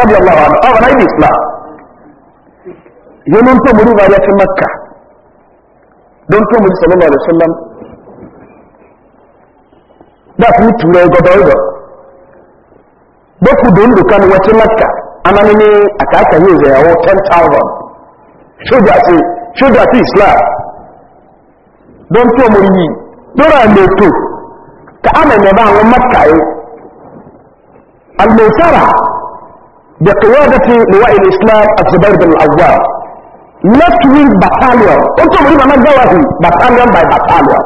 رضي الله عنه أغنى الإسلام يوم أنتم مروا على في مكة دون تومر صلى الله عليه وسلم da su mutu ne gaba yau boku da hindu kan wata makka ana ne a kaka yin zayawo 10,000 shuga ce shuga ce islam don to muryi dora ne to ta ana ne ba wani makka yau الميسرة بقيادة لواء الإسلام الزبير بن العوام left wing battalion أنتم هنا ما جواه battalion by battalion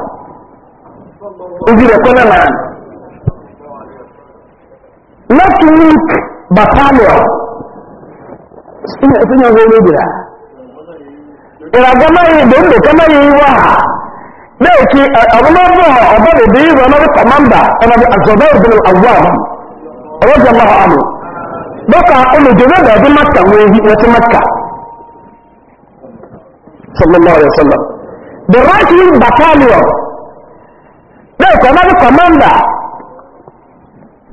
إذن يكون الآن left wing battalion سنة زي نجرة إذا كما يدون كما يواها لكن أغلبها أبدا دي ونرى كماندا أنا الزبير بن العوام رضي الله عنه بقى أم جنادة دي مكة وفي مكة صلى الله عليه وسلم the right battalion there is another commander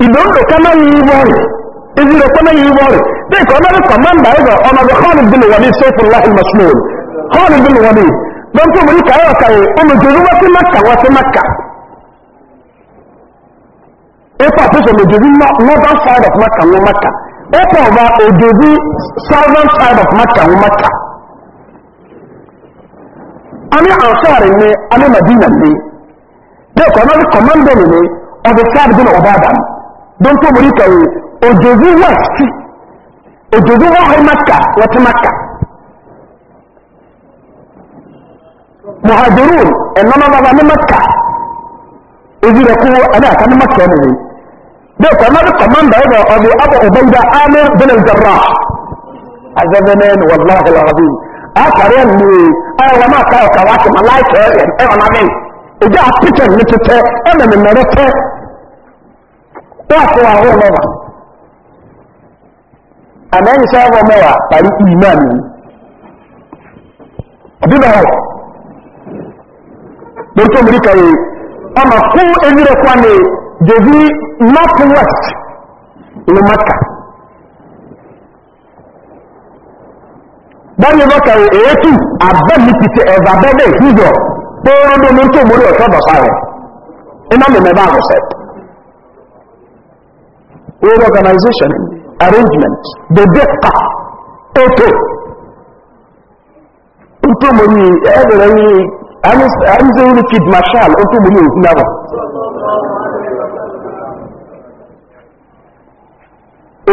ìdòwò kọ́nà yìí wọ́rẹ̀ ìdòwò kọ́nà yìí wọ́rẹ̀ there is another commander ẹ̀rọ ọmọ the khalid bin wali sefullah al-masmoon khalid bin wali don tó mú ní kàyọ̀ kàyọ̀ ọmọ jòlúwọ́sí mẹ́kà wọ́sí mẹ́kà Epa Apostle Ojobi northern side of Mecca wọ Mecca. Epa ọba Ojobi southern side of Mecca wọ Mecca. Ani Ansar ni ani Madina ni. Bẹ́ẹ̀ kọ́ náà commando ni ọ̀dọ̀ sáàbì dínà ọba Adam. Don tó mú ríkà yìí Ojobi west Ojobi wọ́n Mecca wọ́tí Mecca. Muhajirun ẹ̀nọ́mọ́ bàbá ní Mecca. Èyí rẹ̀ kú ẹ̀dá àtàní Mecca ọ̀nà dai kamar komanda ya abu abu ubaida amir bin al-jarrah azabanan wallahi al-azim akare ni ai wa ma ka ka wa ki malaika e wa nabi ija apita ni tete e na na rete wa ko wa ho ba anan sa wa ma wa bari imani adiba ho dokto muri kai ama ko emire kwane Jebi northwest ní Maka. Bẹ́ẹ̀ni Maka rẹ̀ èétù àbẹ́mi ti ti ẹ̀zà bẹ́ẹ̀ ìfúzọ̀ tó rọ́dún omi tó mórí ọ̀tọ́ bọ̀sá rẹ̀. Iná mi mẹ́bá àrùsẹ̀. World organization arrangement the death car ètò. Ntọ́ mo ní ẹ̀ẹ́dẹ̀rẹ̀ ní Amnesty Kid Marshal, ntọ́ mo òkú náà.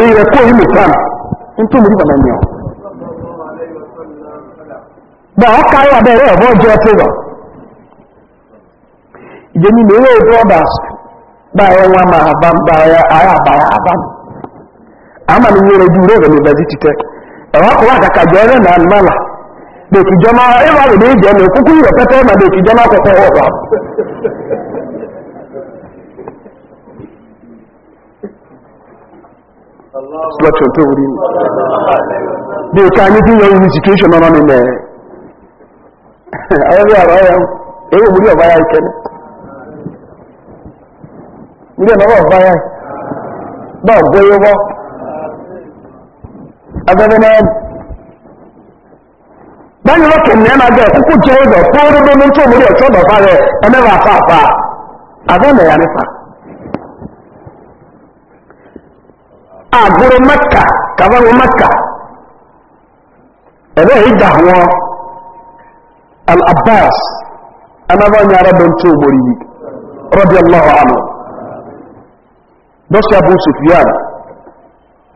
èyí rẹ̀ kó yìí mìtàn nítorí mo rí bàmà ènìyàn bọ̀ ọ́ kárí abẹ́rẹ́ ọ̀bọ̀ jẹ́ ọtí lọ ìjẹni mèrè brothers báyẹ̀ wọn máa bá ń báyẹ̀ ara àbáyà a àmà ni wọ́n rẹ̀jú rẹ̀ ní bẹ̀rẹ̀ títẹ́ kọ́ jẹ́ náà mọ́là ẹ̀rọ slọtụ wuri ni ka anyị dị nyere iwu situation nọ n'ọnụ mee ọrụ ọrụ ya muri ike ne muri ọba ọba ya ba na ya báyìí lọ́kẹ̀ ní ẹ̀nà àgbẹ̀ kúkú jẹ́ ọ̀dọ̀ fún orí lónìí tó agụrụ maka kabanwe maka ebe ịda hụọ al anaba onye arabụ ntụ ogbori yi radiyallahu anhu bọ́sí abu sufiyan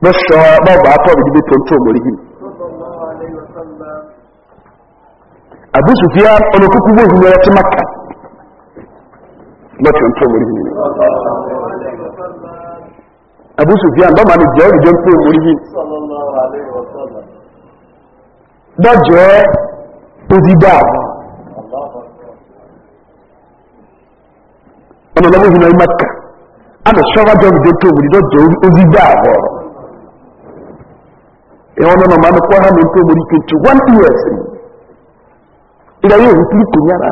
bọ́sọ bọ́ọ̀bù atọ́ bí dídé tóntó ogbori yi sufiyan ya maka abu sufiyan bá ma ní jẹ́ òrìjọ́ ń pè mórí yìí dọ́jọ́ òdìdá ọmọ ọmọ ìhìnà ìmọ̀ta a mọ̀ ṣọ́wá jẹ́ òrìjọ́ pè mórí dọ́jọ́ òdìdá ọ̀ ẹ̀wọ̀n náà ma ní kọ́ ha mi pè mórí 21 years ilẹ̀ yóò rí kúrú kò yára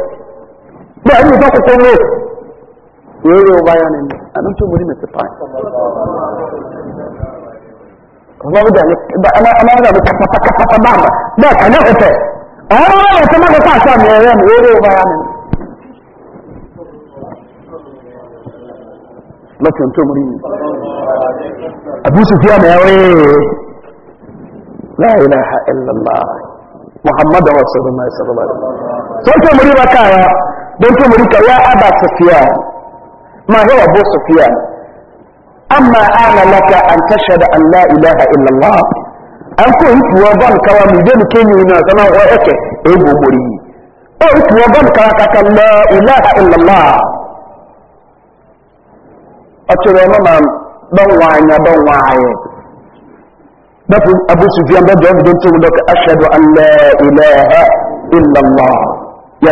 bẹ́ẹ̀ ni ìdọ́kùnkùn lò eré ọba yẹn ni àná tó wọlé mẹsì pa ọlọ́run jà ní ọlọ́run jà ní pátápátá báàmà bẹ́ẹ̀ kàn ní ọ̀tẹ̀ ọ̀rọ̀ rẹ̀ tó máa ń pa àṣà mi ẹ̀rẹ́ mi eré ọba yẹn ni. lọ́tọ̀ tó mú rí mi àbúṣe fi àmì ẹ̀rẹ́ láì láì ilẹ̀ láì muhammadu rasulillah sallallahu alaihi wa sallam tó tó mú rí bá káyà don to murika ya aba sufiyan ma huwa bu sufiyan amma ana laka an tashhadu an la ilaha illa allah an ko tuwa ban kawa mu de ke ni na sana o eke e bo mori o tuwa ban kawa ka ka la ilaha illa allah atire no ma ban wanya ban waye dafu abu sufiyan da jawab don to murika ashhadu an la ilaha illa allah ya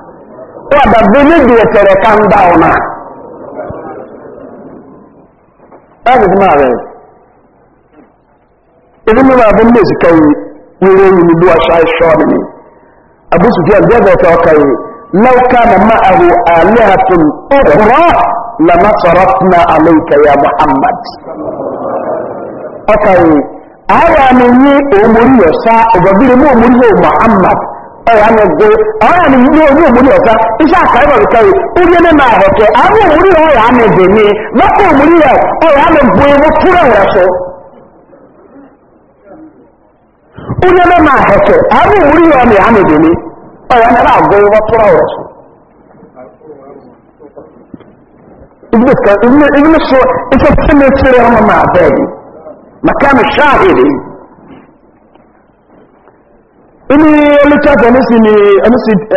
wọ́n bá bí níbi ẹ̀tẹ̀rẹ̀ ká ń bá ọmọ láti fi máa rẹ̀ ìdí mímọ̀ àbú ní èsì kẹyì wíwé yìí ní lúwa ṣáà ṣọ́ mi ní àbúsù díẹ̀ díẹ̀ bẹ̀ẹ̀ fẹ́ ọkà yìí lọ́ọ̀ká na máa àwò àlẹ́ àtún ọ̀rọ̀ na máa sọ̀rọ̀ na àlẹ́ ìkẹyà muhammad ọkà yìí àwọn àmì ní òmùrí ọ̀sá ọ̀gbọ̀gbìrì mú òmùrí muhammad ọ̀rẹ́ àmì ẹgbẹ́ ọ̀rẹ́ àmì ní orí òmúrí ọ̀sá iṣẹ́ àkàrẹ́bọ̀ ìkẹrì orí ẹni máa họ̀kẹ́ àmì òmúrí ọ̀rẹ́ àmì ẹgbẹ́ ní lọ́pọ̀ òmúrí rẹ̀ ọ̀rẹ́ àmì bu ewu ewu ini littafi anisi ne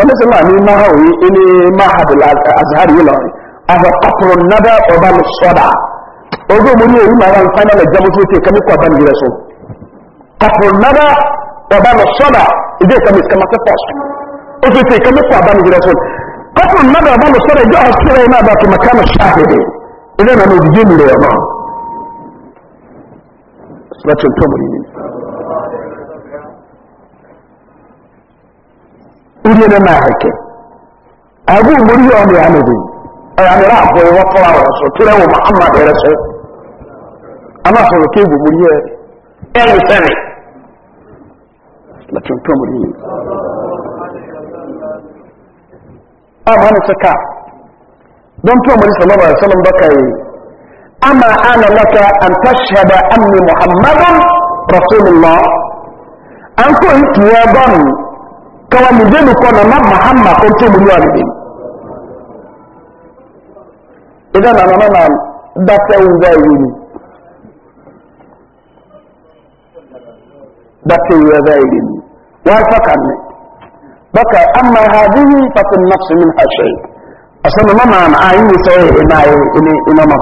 anisi ma ni mahawi ini mahadul azhar yi lori aho akwaro nada ọba ni sọda ogo mu ni eyi mara nkwana na jamu sote kami kwa ban gire so akwaro nada ọba ni sọda ije kami kama se post o sote kami kwa ban gire so akwaro nada ọba ni sọda ije hospital yi na ba ki makana shahidi yìí. uriere na ahike abu muri yo ne anebe ayane ra ko yo ko awo so tire wo muhammad era so ama bu muri ye en sene la tun to muri ama ne saka don to muri sallallahu alaihi wasallam bakai ama ana laka an tashhada anni muhammadun rasulullah an ko hikiya kawa mizenu na ma mahamma konte mu yawa bin idan ana mana da ta uza yini da ta uza yini wa fakan ne baka amma hadihi fa fi nafs min hashay asan mama ayi sai ina ina ina ma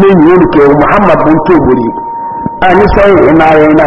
ne ni ke muhammad bin tuburi ani sai ina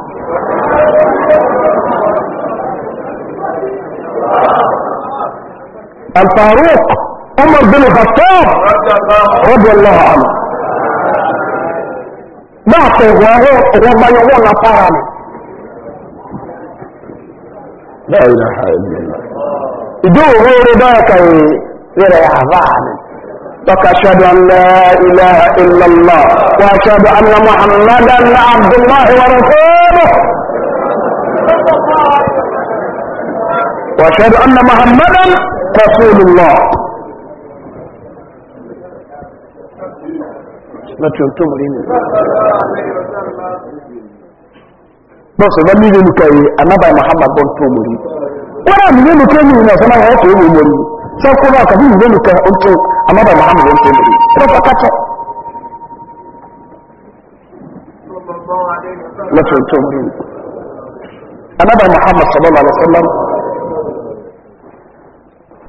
الفاروق عمر بن الخطاب رضي الله عنه بعث وهو يقول فرعون لا اله الا الله دو غير ذاك غير يعفان لك ان لا اله الا الله واشهد ان محمدا عبد الله ورسوله واشهد ان محمدا رسول الله ما تشوفتم لين بس ما مين مكاي انا با محمد بن تومري ولا مين مكاي مين سما هو تومري sai kuma ka bi mene ka unto amma ba Muhammad ka kace na tuntum ana ba Muhammad sallallahu alaihi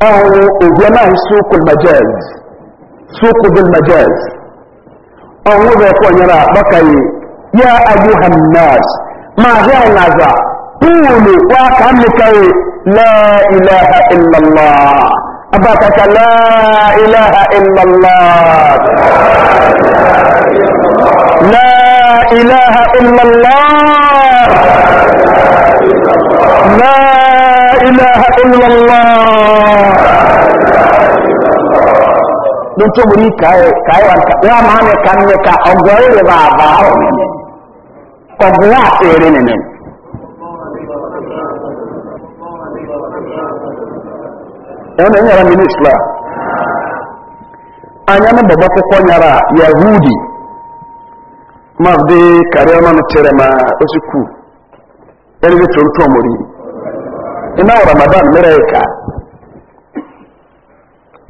أو أبيناه سوق المجاز سوق بالمجاز أو ماذا يقول يرى بكي يا أيها الناس ما هي نزع قولوا وأكملك لا إله إلا الله أباك لا إله إلا الله لا إله إلا الله لا إله إلا الله tuntun muri kaye ka ya ma ne kan ne ka ogore le ba ba o ne ne ogore atere ne ne ona anya ne baba ko ko nyara yahudi mabde chere ma ne tere ma osiku ele tuntun muri ina ramadan mere ka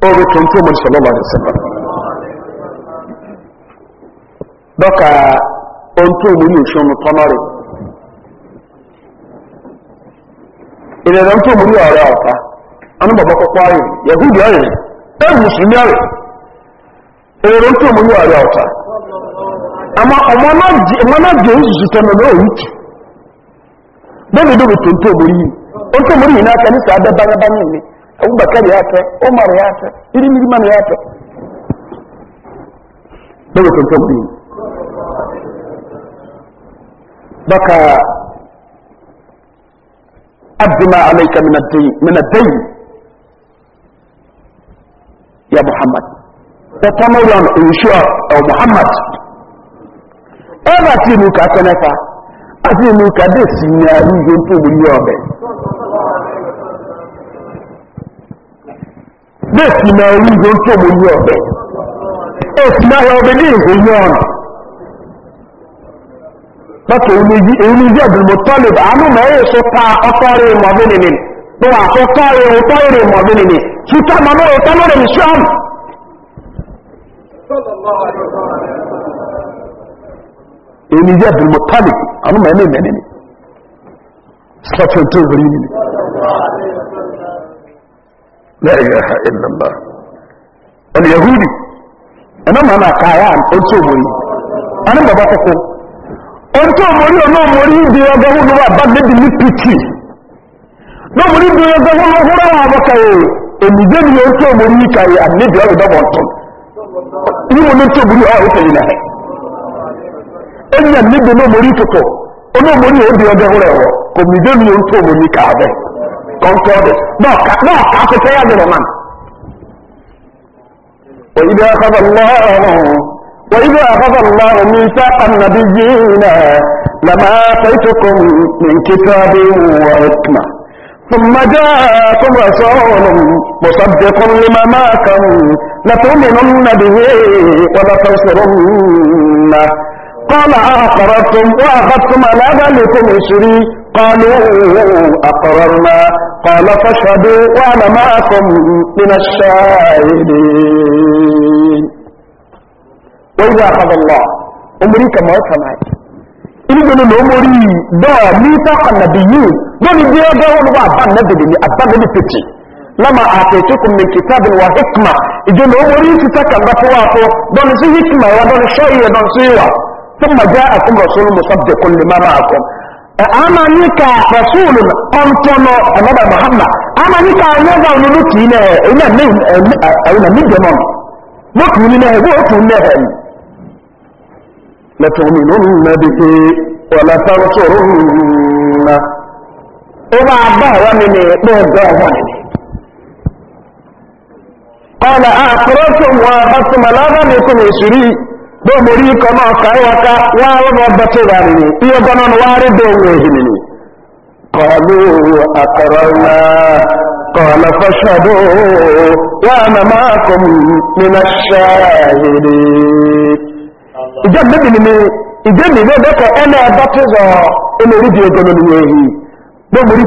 oru tó ń tó mọ̀lú dị rẹ̀ sọ̀rọ̀ dọ́kà ohun tó mú ní ìṣọ́nù tọ́nà rẹ̀ ìrẹ̀rẹ̀ tó mú ní ọ̀rẹ́ ọ̀ta ọ̀nà bàbá kọ́kọ́ ayò yẹ̀gúdì ọ̀rẹ́ ẹ̀rù mùsùlùmí ọ̀rẹ́ ìrẹ̀rẹ̀ tó mú ní ọ̀rẹ́ ọ̀ta àmọ́ ọmọ náà jẹ́ òṣìṣẹ́ tẹ́mẹ̀ náà òyìn tì bẹ́ẹ̀ ni dóbi tó abubakari yape omar yape iri milima ne yape dole ko baka abdima alaika min ad ya muhammad tatamalan insha aw muhammad eba ti mu ka kenefa ati mu ka de sinya ru yo to bi bẹ́ẹ̀sì máa na ìgbó tó mú ní ọ̀bẹ̀ ẹ̀sì máa rọ ọbẹ̀ ní ìgbó ní ọ̀nà lọ́tọ̀ èyí ní jẹ́ ìbìmọ̀ tọ́lẹ̀ àánú mẹ́rin sọ ta ọtọ́rẹ ìmọ̀bìnìní tó wà tó tọ́rẹ ọtọ́rẹ ìmọ̀bìnìní tútà mọ́mọ́ ìtọ́lọ́rẹ̀ ìṣọ́m èyí ní jẹ́ la ilaha illallah wani yahudi ana ya ga hudu ba ba gbedi ni piti náà mori ibi ya ga hudu hura wa ba kaye olùgbé mi yóò tó omori yìí kaye àníbi ọ̀rọ̀ dọ́gba ọ̀tún ní mo ní tó omori concordes dọ́ọ̀ka dọ́ọ̀ka afẹ́fẹ́ yà bẹ̀rẹ̀ mọ́. وإذا أخذ الله وإذا أخذ الله ميثاق النبيين لما آتيتكم من كتاب وحكمة ثم جاءكم رسول مصدق لما معكم لتؤمنن به ولتنصرنه قال أقررتم وأخذتم على ذلكم شريك قالوا أقررنا قال فاشهدوا وأنا معكم من الشاهدين وإذا أخذ الله أمريكا ما يسمعك إذن الأمري دا ميثاق النبيين دون جاء دون وعبان نبي أبان نبي فتي لما أعطيتكم من كتاب وحكمة إذن الأمري تتكلم بطواته دون سي حكمة ودون شيء ودون سيوة ثم جاءكم رسول مصدق لما معكم ama ka rasul kɔntɔnɔ ɔnɔba muhammad ama ni ka anyɔnza wo no tiri nɛ ɛna ne na ne na na bi ke na a kɔrɔ na esiri. bó mori ikọ̀ náà ka ìwọ̀ká wá ọmọ bọ́tẹ̀ rà nìyí iye gbọ́nà wá rí bẹ́ẹ̀ wọ̀ akọrọ ńlá kọlu fọṣọdọ wà á màmá kọm nínú ṣáàhìrì. ìjọ bíbí ni mi ìjọ mi bẹ́ẹ̀ bẹ́ẹ̀ kọ na bọ́tẹ̀ bó mori ní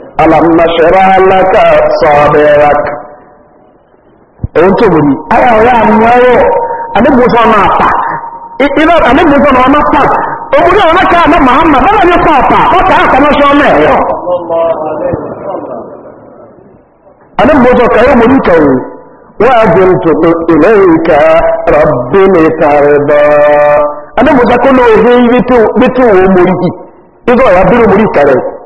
alam nashra laka sadrak ohun tó wòlí ayà ọ̀rẹ́ àwọn ẹ̀rọ adébùsọ̀ náà pa iná adébùsọ̀ náà máa pa òmùdí àwọn mẹ́ta àmọ́ mahama bọ́lá ní pa ọ̀pá ọ̀tá àkànnáṣọ́ ọmọ ẹ̀rọ adébùsọ̀ kẹrẹ mọ̀ níkẹyìn وأجلت إليك رب لترضى أنا مزاكو لو هي بتو بتو مريكي إذا يا بيرو مريكي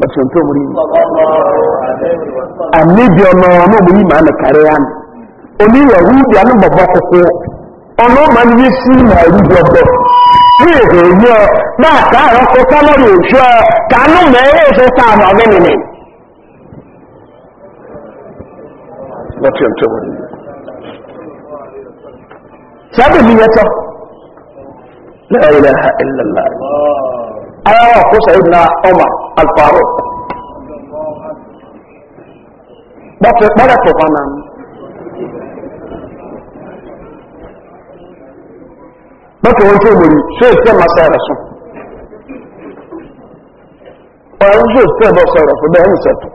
bàtí ohun tó mú rí mi. àmìbi ọ̀nà ọ̀nà òmùrí màá mi kárí ya mi. òní ìyàwó ìdí àná bọ̀bọ̀ kókó ọ̀nà ọ̀mà ni yé sí ìmọ̀ ẹ̀rú jọ̀bọ̀. ọ náà káàárọ̀ ọ kàánú mẹ́rẹ́ èso sáàmù ọ̀gbẹ́ nìyẹn. bàtí ohun tó mú rí mi. sábẹ̀ mi la ilaha illallah. ayawa ko sayidina umar alfaru bada Ba fanan bata wanke muri so ce masa ya rasu ƙwarar so ce ba sa rasu da yanzu sato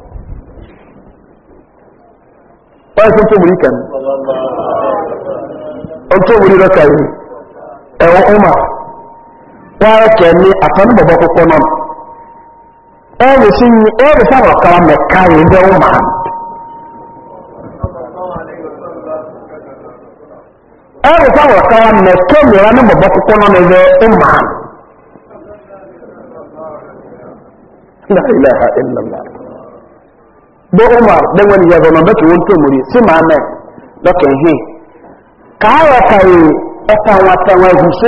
ƙwarar sun ce muri kan an ce wáyé kẹ́ni àtọ́nú bọ̀bọ̀ púpọ̀ náà ẹ̀rù sí ní ẹ̀rù sáwọn ọ̀kara mẹ́ka yìí bẹ́ wọ́n máa ẹ̀rù sáwọn ọ̀kara mẹ́ka mìíràn ní bọ̀bọ̀ náà máa yàgò náà bẹ́ẹ̀ wọ́n tó mú rí sí màá hìn káyọ̀ àtàwọn ẹ̀hùn sí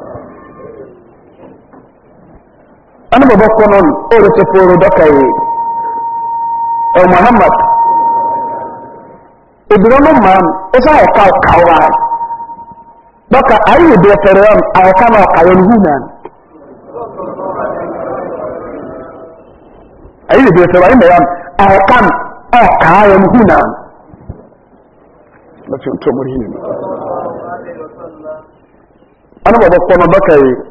أنا ببقنون أولي تفورو دكاي أو محمد إبرانو مان إسا يكاو كاوان دكا أي بيتريان أو كانوا كاين هونان أي بيتريان أو كان أو كاين هونان لكن تمرين أنا ببقنون دكاي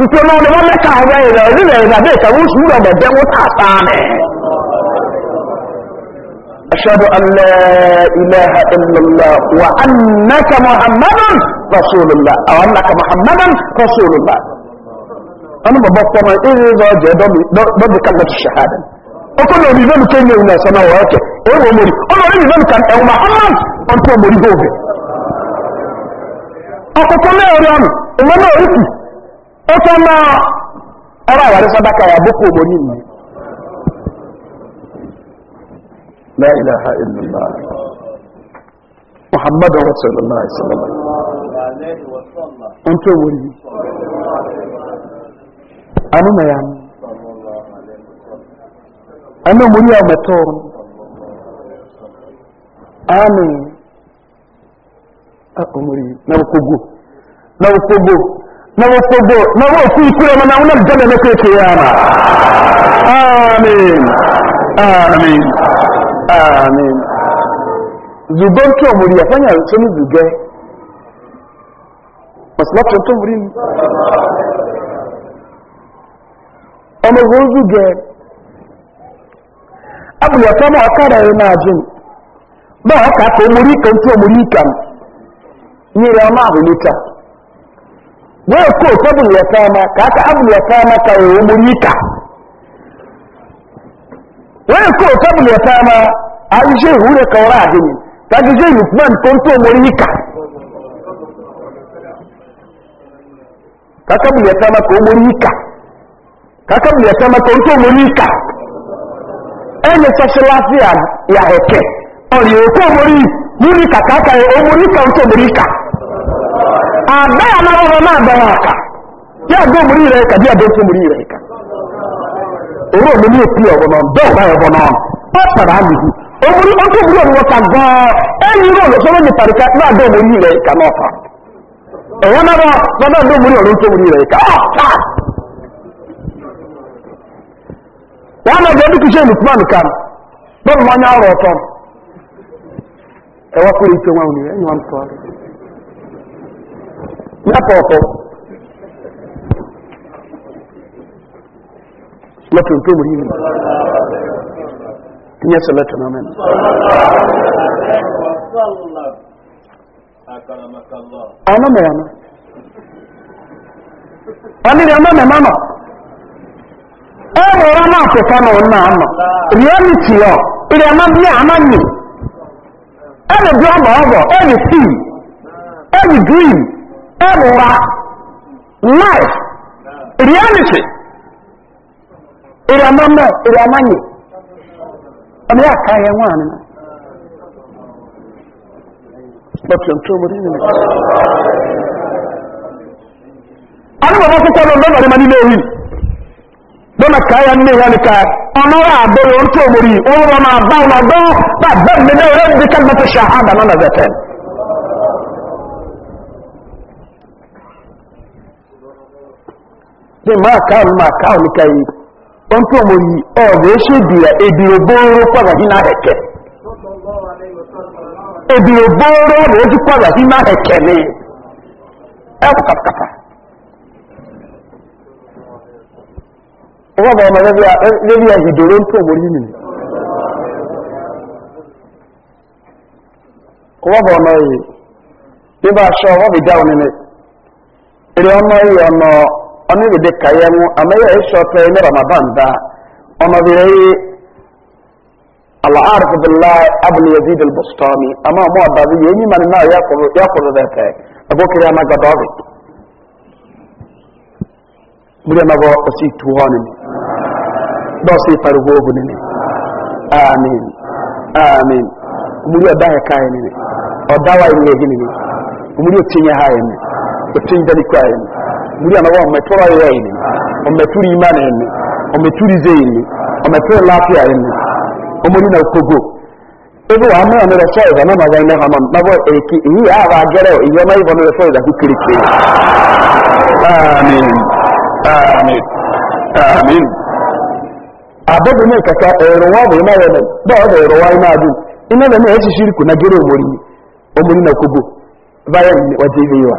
tutu ọmọ ọdọ wọn mẹta ọrẹ rẹ orí rẹ rẹ bẹẹ kàwé oṣù ụlọ bẹẹ wọn tà tà mẹ. أشهد أن لا إله إلا الله وأنك محمد رسول الله أو أنك محمد رسول الله أنا ببطل كلمة الشهادة يوم سنة أنا أو محمد أنت ọtọ náà ọrọ àwárí sọdáka yà boko kò bóni mi. la ilaha illallah muhammad sallallahu alaihi wa sallam n anu na ya anu muri ya mẹtọ ami a omuri na okogo na okogo na wasogo na wasu ikure mana wannan jana na kai ke yana amin amin amin zuban to muri afanya to ni zuge maslak to muri ni ama go zuge abu ya kama akara yana jin ba haka ko muri kan to muri kan ni ra ma bulita wee kootu abụl yatama ka aka abụl yatama ka wee mụrụ ika wee kootu abụl yatama ajụjụ ihu ụlọ ka ọrụ adịghị ka ajụjụ ihu kwan tonto mụrụ ika ka aka abụl yatama ka o mụrụ ika ka aka abụl yatama tonto mụrụ ika enyechasịla ya ya heke ọ na-ekwe omori mụrụ ika ka aka ya omori ika ntọ mụrụ ika abẹ́ aláwọ̀ na bẹ̀rẹ̀ aka tí àgbẹ̀ òmùrí rẹ̀ kà bí àgbẹ̀ òmùrí rẹ̀ kà òwúrò ka. ní èpì ọ̀bọ̀n náà bẹ́ẹ̀ bá ẹ̀bọ̀n náà ó ọgbọ á nìyí òmùrí ó ọgbọ òmùrí ọ̀bọ̀n kà gan-an ẹ̀yìn rẹ̀ ló ka lápọ̀ọ̀pọ̀ lọ́tún tó múrí nù ní ẹsẹ̀ lọ́tún náà mẹ́rin. ọmọ mẹ́rin ọmọ ọmọdé ọmọ mẹ́rin ọmọ ọmọ ọmọ àpẹta náà ọmọ ọmọ reality ọ ìrìn àmà bí àmà nì ẹnì bí ọmọ ọmọ ẹnì sí ẹnì green. ebura life, reality. Ere mama, Ọmọ ya ka ya nwa anina. Bọ́tù ntú mo ní nìyẹn. Ani bàbá kúkọ́ lọ lọ́nà ọ̀rẹ́mà nílé orí. Lọ́nà ká ya nílé wa máa bá bá ní máa káàmù máa káàmù ní káyé ohun tó mo yí ọ̀rọ̀ ó ṣèbìrà èbìrò bóró pàdà sí náà ẹ̀kẹ́ èbìrò bóró ọ̀rọ̀ ó ti pàdà sí náà ẹ̀kẹ́ ni ẹ kò kàtàkàtà. wọ́n bá ọmọ lórí ìdòrò tó mo yí nìyí. wọ́n bá ọmọ yìí nígbà aṣọ wọ́n fi dáhùn nínú èrè ọmọ yìí ọ̀nà. ɔne ne de kaeɛ no amɛyɛ ɛhyɛ pɛɛ ne ramadan da ɔmabirɛ yi al'arif billah abul yazid al-bustami amma mu abazi yenyi man na ya ko ya ko da ta abokiri ama gadawi bude ma go ne tuwani do si fargo gune ne amin amin ya kai ne dawa ne gine ha ne ne na anawa umetora yeye umeturi imani yeye umeturi zeyi umeturi lafiya yeye umuri na ukogo ebe wa mwana rasoiza na mazaina hama nabo eki hii aba gereo iyo mai bono rasoiza kukirike amin amin amin abadu ne kaka erowa bo na yana da da erowa ina du ina da ne yace shirku na gero mori omuri na kugo bayan wajibi wa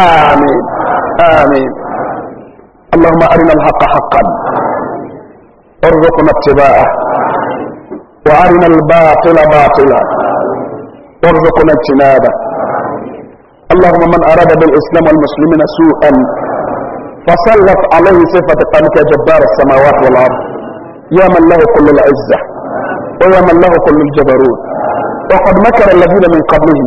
آمين آمين اللهم أرنا الحق حقا ارزقنا اتباعه وأرنا الباطل باطلا ارزقنا اجتنابه اللهم من أراد بالإسلام والمسلمين سوءا فسلط عليه صفة قلبك جبار السماوات والأرض يا من له كل العزة ويا من له كل الجبروت وقد مكر الذين من قبلهم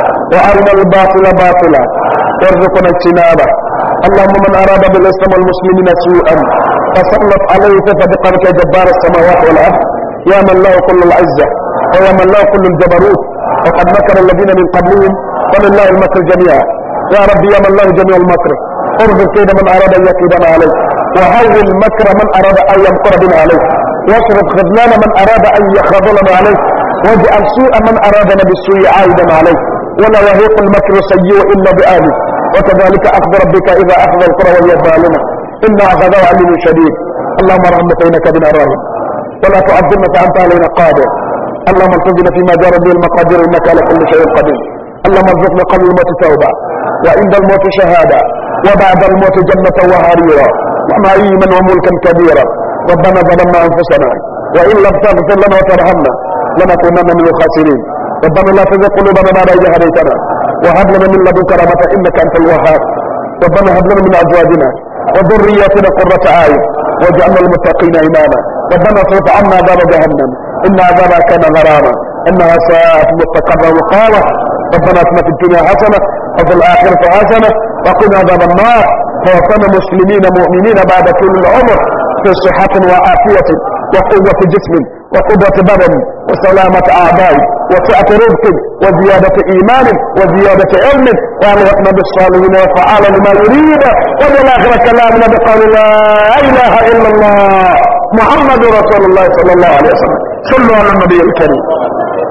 وارنا الباطل باطلا وارزقنا اجتنابه اللهم من اراد بالاسلام والمسلمين سوءا فسلط عليه فبقرك جبار السماوات والارض يا من له كل العزه ويا من له كل الجبروت وقد مكر الذين من قبلهم ولله المكر جميعا يا ربي يا من له جميع المكر ارزق كيد من اراد ان يكيدنا عليه وهول مكر من اراد ان يمكر بنا عليه واصرف خذلان من اراد ان يخذلنا عليه واجعل سوء من ارادنا بالسوء عائدا عليه ولا يهيق المكر السيء إلا بآله وكذلك أخذ ربك إذا أخذ القرى وهي ظالمة إن أخذها عليم شديد اللهم ارحم فإنك بنا راهب ولا تعذبنا فأنت علينا قادر اللهم ارزقنا فيما جرى به المقادير إنك على كل شيء قدير اللهم ارزقنا قبل الموت توبة وعند الموت شهادة وبعد الموت جنة وهريرا ونعيما وملكا كبيرا ربنا ظلمنا أنفسنا وإن لم تغفر لنا وترحمنا لنكونن من الخاسرين ربنا لا تزغ قلوبنا بعد إذ هديتنا وهب لنا من لدنك رحمة إنك أنت الوهاب ربنا هب لنا من أزواجنا وذرياتنا قرة أعين واجعلنا للمتقين إماما ربنا اصرف عنا عذاب جهنم إن عذابها كان غراما إنها ساءت مستقرا وقالا ربنا اتنا في الدنيا حسنة وفي الآخرة حسنة وقنا عذاب النار توفنا مسلمين مؤمنين بعد طول العمر في صحة وعافية وقوة جسم وقدرة بدن وسلامة أعضاء وسعة رزق وزيادة إيمان وزيادة علم وأمرتنا بالصالحين وفعالا لما يريد وجل آخر كلامنا بقول لا إله إلا الله محمد رسول الله صلى الله عليه وسلم صلوا على النبي الكريم